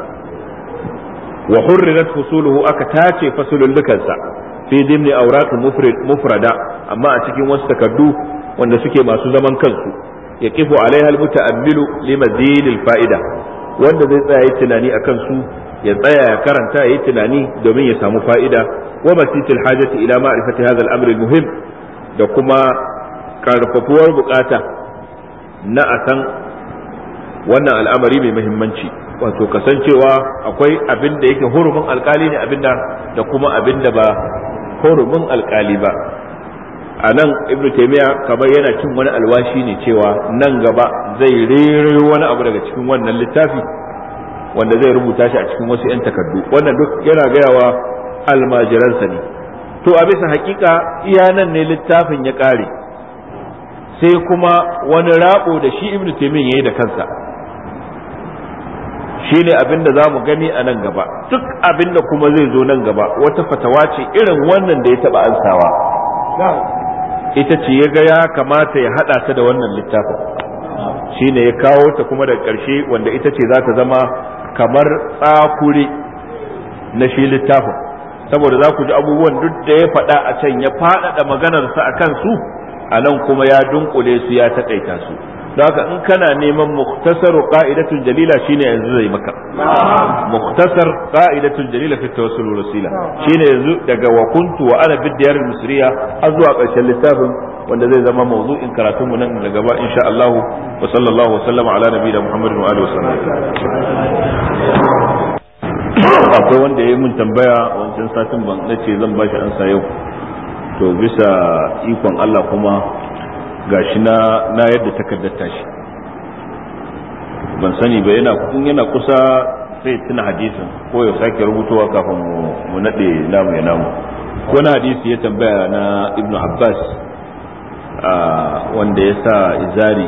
wa hurrirat husuluhu aka tace fasulullukansa fi dimni auratul mufrada amma a cikin wasu takardu wanda suke masu zaman kansu ya ƙifa kifo alaiha almuta'ammilu li mazidil fa'ida wanda zai tsaya yi tunani akan su ya tsaya ya karanta ya yi tunani domin ya samu fa'ida wa masitil hajati ila ma'rifati hadha al-amr al-muhim da kuma karfafuwar bukata na asan wannan al'amari mai muhimmanci wato kasancewa akwai abin da yake hurumin alkali ne abin da kuma abin da ba hurumin alkali ba a nan ibnu taimiyya kamar yana cin wani alwashi ne cewa nan gaba zai rere wani abu daga cikin wannan littafi wanda zai rubuta shi a cikin wasu 'yan takardu wannan duk yana gayawa almajiransa ne to a bisa hakika iya nan ne littafin ya kare sai kuma wani rabo da shi ibnu taimiyya ya yi da kansa shine abin da za mu gani a nan gaba duk abin da kuma zai zo nan gaba wata fatawa ce irin wannan da ya taba ansawa ita ce ya ga ya kamata ya hada ta da wannan littafin shine ya kawo ta kuma da ƙarshe wanda ita ce za ta zama kamar tsakuri na shi littafin saboda za ku ji abubuwan duk da ya faɗa a can ya faɗaɗa maganarsa a kansu a nan kuma ya dunkule su ya taƙaita su don haka in kana neman muktasar qa'idatul jalila shine yanzu zai maka muktasar qa'idatul jalila fi tawassul wal wasila shine yanzu daga wa kuntu wa ana bid musriya har zuwa ƙarshen littafin wanda zai zama mawdu'in karatun mu nan da gaba insha Allah wa sallallahu wa sallama ala nabiyina Muhammadin wa alihi wa sallam akwai wanda ya yi mun tambaya wancan satin ban nace zan bashi ansa yau to bisa ikon Allah kuma gashi na na yadda takardar tashi ban sani ba yana kun yana kusa sai tuna hadisin ko ya sake rubutowa kafin mu nade namu ya namu wani hadisi ya tambaya na ibnu abbas wanda ya sa izari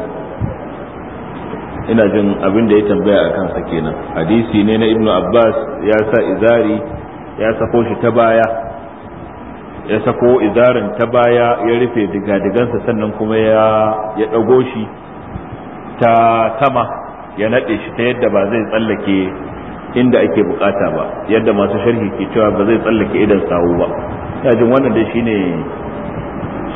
ina jin abin da ya tambaya a kansa kenan hadisi ne na ibnu abbas ya sa izari ya sako shi ta baya ya sako izarin ta baya ya rufe diga digadigansa sannan kuma ya ɗago shi ta sama ya naɗe shi ta yadda ba zai tsallake inda ake bukata ba yadda masu sharhi ke cewa ba zai tsallake idan sawu ba jin wannan dai shine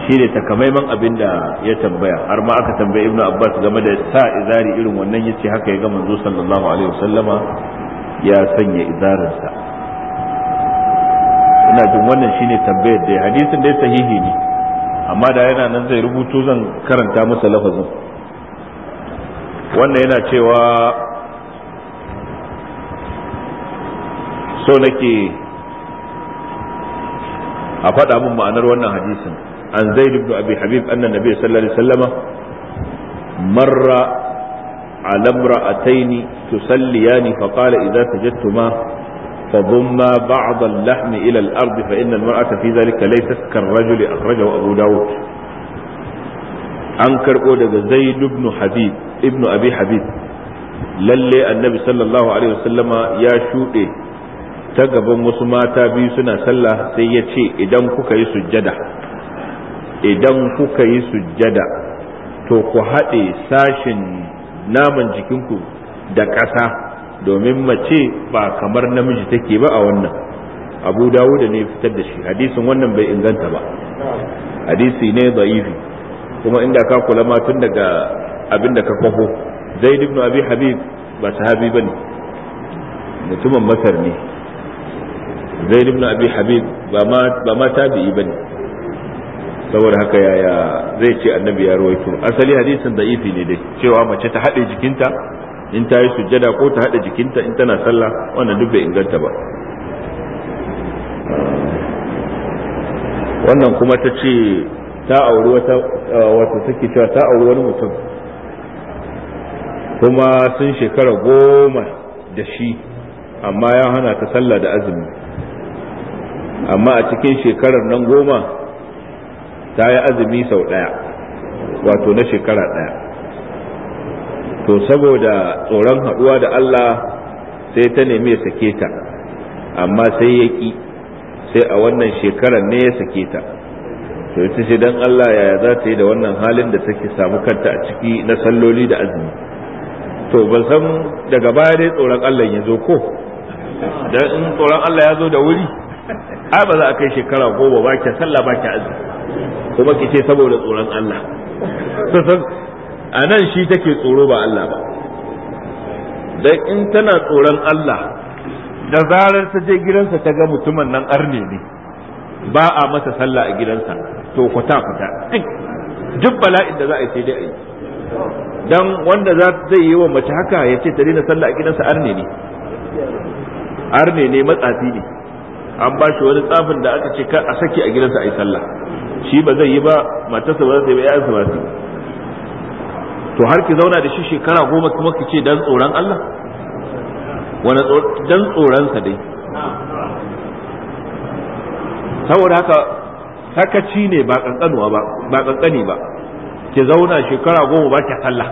shine takamaiman abin da ya tambaya har ma aka tambaye ibnu abbas game da sa izari irin wannan yace haka ya ga manzo sallallahu alaihi wasallama ya sanya izarinsa ina jin wannan shine tambayar da hadisin dai sahihi ne amma da yana nan zai rubuto zan karanta masa lafazin wannan yana cewa so nake a faɗa min ma'anar wannan hadisin an zai ibn abi habib annan nabi sallallahu alaihi wasallama marra على امرأتين تصليان فقال إذا سجدتما فضم بعض اللحم إلى الأرض فإن المرأة في ذلك ليست كالرجل أخرجه أبو داود an karɓo daga zaid ibn habib ibn abi habib lalle annabi sallallahu alaihi wasallama ya shuɗe ta gaban wasu mata biyu suna sallah sai ya ce idan kuka yi sujjada idan kuka yi sujjada to ku haɗe sashin naman jikinku da ƙasa domin mace ba kamar namiji take ba a wannan abu dawo da ne fitar da shi hadisin wannan bai inganta ba hadisi ne da'ifi kuma inda ka kula ma tun daga abin da ka kwafo zaid ibn abi habib ba sahabi bane mutumin masar ne zaid ibn abi habib ba ma ba ma tabi'i bane saboda haka yaya zai ce annabi ya ruwaito. asali hadisin da'ifi ne dai cewa mace ta haɗe jikinta in ta yi sujjada ko ta haɗa jikinta in tana sallah wannan duk bai inganta ba wannan kuma ta ce ta auri wata wata take cewa ta auri wani mutum kuma sun shekara goma da shi amma ya hana ta sallah da azumi amma a cikin shekarar nan goma ta yi azumi sau ɗaya wato na shekara ɗaya to saboda tsoron haɗuwa da Allah sai ta nemi ya sake ta amma sai ya ƙi sai a wannan shekarar ne ya sake ta to ita ce don Allah yaya za ta yi da wannan halin da take samu kanta a ciki na salloli da azumi to ban san daga baya dai tsoron Allah ya zo ko dan in tsoron Allah ya zo da wuri ai ba za a kai shekara goma ba ke sallah ba ke azumi kuma ki ce saboda tsoron Allah a nan shi take tsoro ba Allah ba dan in tana tsoron Allah da zarar ta je gidansa ta ga mutumin nan arne ne ba a masa sallah a gidansa to kwata kwata duk bala'in da za a yi sai dai a yi dan wanda za zai yi wa mace haka ya ce ta daina sallah a gidansa arne ne arne ne matsafi ne an ba shi wani tsafin da aka ce kar a saki a gidansa a yi sallah shi ba zai yi ba matarsa ba za ta yi ba 'ya'yansa ba su to har ki zauna da shi shekara goma kuma ki ce dan tsoron Allah wani dan tsoronsa dai saboda haka sakaci ne ba kankanuwa ba ba kankani ba ki zauna shekara goma ba ki sallah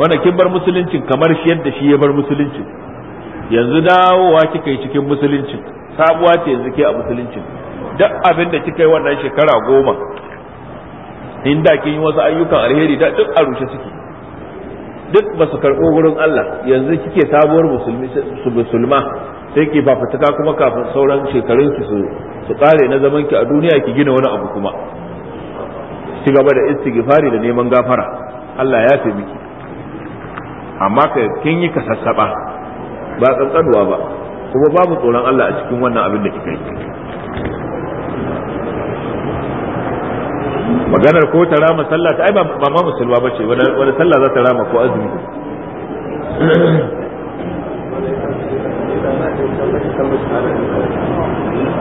wanda kin bar musuluncin kamar shi yadda shi ya bar musuluncin yanzu dawowa kika yi cikin musuluncin sabuwa ce yanzu ke a musuluncin duk abin da kika yi wannan shekara goma in da kin yi wasu ayyukan alheri da duk a rushe suke duk ba su karɓo wurin Allah yanzu kike sabuwar musulma sai ki fafutuka kuma kafin sauran shekarun ki su su kare na zaman ki a duniya ki gina wani abu kuma ci gaba da istighfari da neman gafara Allah ya fi miki amma ka kin yi kasassaba ba tsantsanwa ba kuma babu tsoron Allah a cikin wannan abin da kika yi maganar ko ta rama sallah ta ai ba ma musulma bace wani sallah za ta rama ko azumi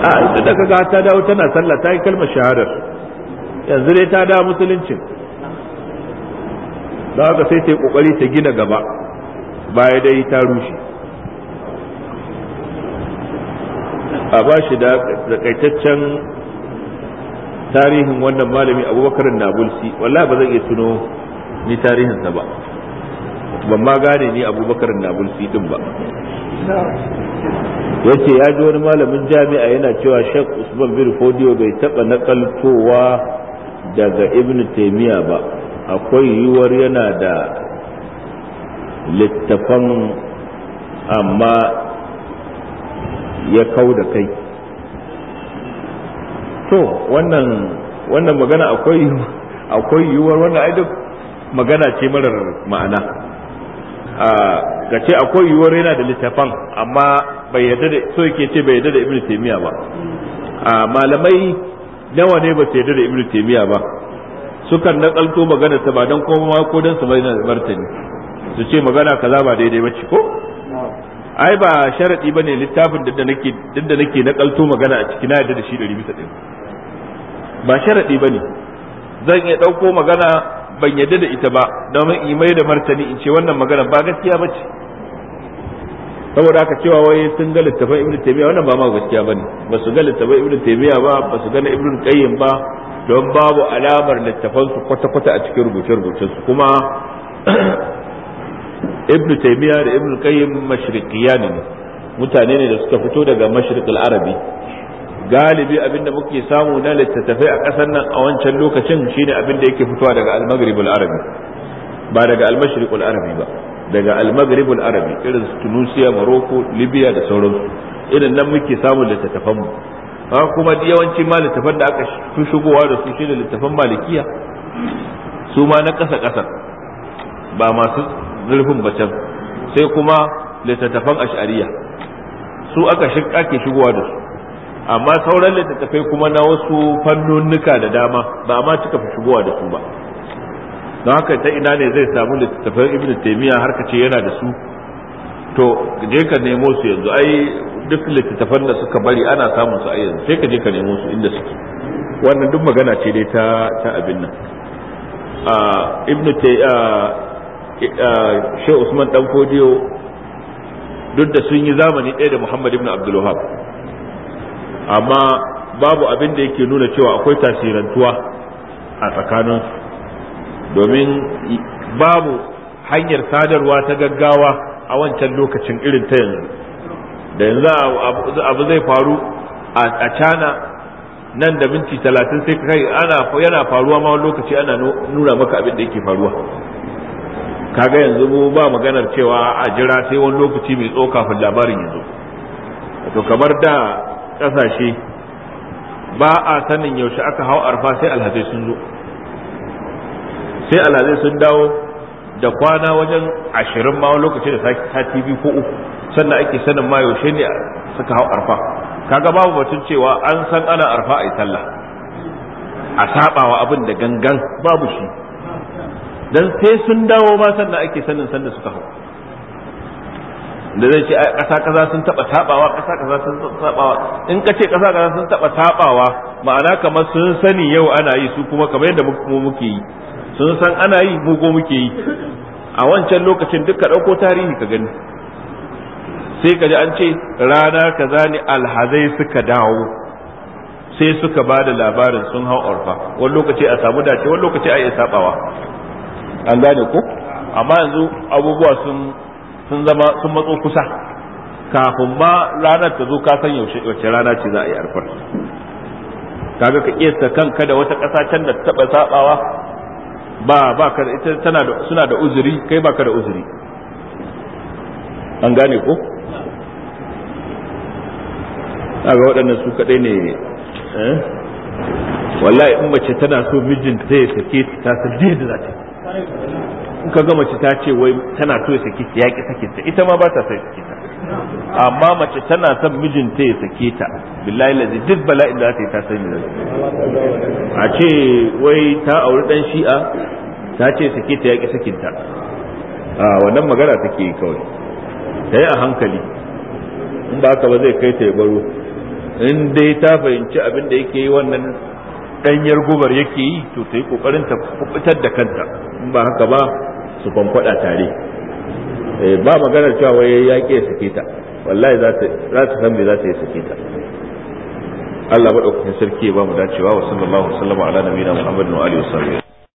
a ita da kaga ta dawo tana sallah ta yi kalmar shahadar yanzu dai ta dawo musuluncin da haka sai ta yi kokari ta gina gaba baya dai ta rushe a ba shi da takaitaccen tarihin wannan malami abubakar nabulsi wallahi ba zan iya tuno ni tarihinsa ba ban ma gane ni abubakar nabulsi din ba yace ya ji wani malamin jami'a yana cewa shek usman bin fodiyo bai taba nakaltowa daga ibn taimiyya ba akwai yiwuwar yana da littafan amma ya kau da kai to wannan wannan magana akwai akwai yiwuwar wannan ai duk magana ce marar ma'ana ga ce akwai yiwuwar yana da littafan amma bai yadda da so yake ce bai yarda da ibnu taymiya ba malamai nawa ne ba su yarda da ibnu taymiya ba sukan nakalto magana ta ba dan koma ko dan su mai martani su ce magana kaza ba daidai ba ko ai ba sharadi bane littafin da nake da nake nakalto magana a cikin na yarda da shi 100% ba sharaɗi ba ne zan iya ɗauko magana ban yadda da ita ba domin in mai da martani in ce wannan magana ba gaskiya ba ce saboda aka cewa wai sun ga littafin ibnu taymiya wannan ba ma gaskiya bane ba su ga littafin ibnu taymiya ba ba su ga na ibnu qayyim ba don babu alamar littafan su kwata kwata a cikin rubuce rubucen su kuma ibnu taymiya da ibnu qayyim mashriqiyani ne mutane ne da suka fito daga mashriq arabi galibi abinda muke samu na littattafai a ƙasar nan a wancan lokacin shine abin da yake fitowa daga al-maghrib al-arabi ba daga al-mashriq al-arabi ba daga al-maghrib al-arabi irin tunisia morocco libya da sauransu irin nan muke samu littattafan mu ha kuma yawanci ma littafan da aka fi shigowa da su shine littafan malikiya su ma na ƙasa ƙasa ba masu zurfin bacan sai kuma littattafan ash'ariya su aka ake shigowa da su amma sauran littattafai kuma na wasu fannonuka da dama ba ma cika fi shigowa da su ba don haka ta ina ne zai samu littattafan ibn taimiyya har ce yana da su to je ka nemo su yanzu ai duk littattafan da suka bari ana samun su a yanzu sai ka je ka nemo su inda suke wannan duk magana ce dai ta ta abin nan ibn Shehu Usman Dan kodiyo duk da sun yi zamani ɗaya da Muhammad ibn Abdul Wahab amma babu abin da yake nuna cewa akwai tasirantuwa a tsakanin domin babu hanyar sadarwa ta gaggawa a wancan lokacin irin ta yanzu da yanzu abu zai faru a cana nan da minti talatin sai kai ana yana faruwa ma lokaci ana nuna maka abin da yake faruwa kaga yanzu mu ba maganar cewa a jira sai wani lokaci mai tsoka kafin labarin yanzu to kamar da ƙasashe ba a sanin yaushe aka hau arfa sai alhazai sun zo sai alhazai sun dawo da kwana wajen ashirin ma lokaci da sati biyu ko uku sannan ake sanin ma yaushe ne suka hau arfa kaga babu batun cewa an san ana arfa a yi sallah a sabawa abin da gangan babu shi dan sai sun dawo ba sannan ake sanin sanda suka hau da zai ce ƙasa ƙasa sun taɓa saɓawa ƙasa ƙasa sun taɓa saɓawa in ka ce ƙasa ƙasa sun taɓa saɓawa ma'ana kamar sun sani yau ana yi su kuma kamar yadda mu muke yi sun san ana yi mu ko muke yi a wancan lokacin duk ka ɗauko tarihi ka gani sai ka ji an ce rana kaza ne alhazai suka dawo sai suka ba da labarin sun hau orfa wani lokaci a samu dace wani lokaci a iya saɓawa an gane ko amma yanzu abubuwa sun sun zama sun matso kusa kafin ma ranar ta zo ka san yaushe wace rana ce za a yi arfar kaga ka kiyasta kanka da wata ƙasa can da taɓa taba sabawa ba ba ka ita tana da suna da uzuri kai ba da uzuri an gane ko kaga waɗannan su kadai ne eh wallahi in mace tana so mijinta ya sake ta san da za in ka ga mace ta ce wai tana so ya sake ta yaƙi saki ta ita ma ba ta sai sake ta amma mace tana son mijinta ya sake ta billahi lazi duk bala'in da za ta yi ta sai ne a ce wai ta auri dan shi'a ta ce sake ta yaƙi saki ta a wannan magana take yi kawai ta yi a hankali in ba haka ba zai kai ta ya baro in dai ta fahimci abin da yake yi wannan ɗanyar gubar yake yi to ta yi kokarin ta fitar da kanta in ba haka ba su kwankwada tare eh, ba maganar cewa wai ya ya sake ta wallahi za ta san me za ta yi sake ta Allah maɗaukakin sarki ya ba mu dacewa wa sallallahu alaihi wa sallam ala na Muhammadin wa alihi wa sahbihi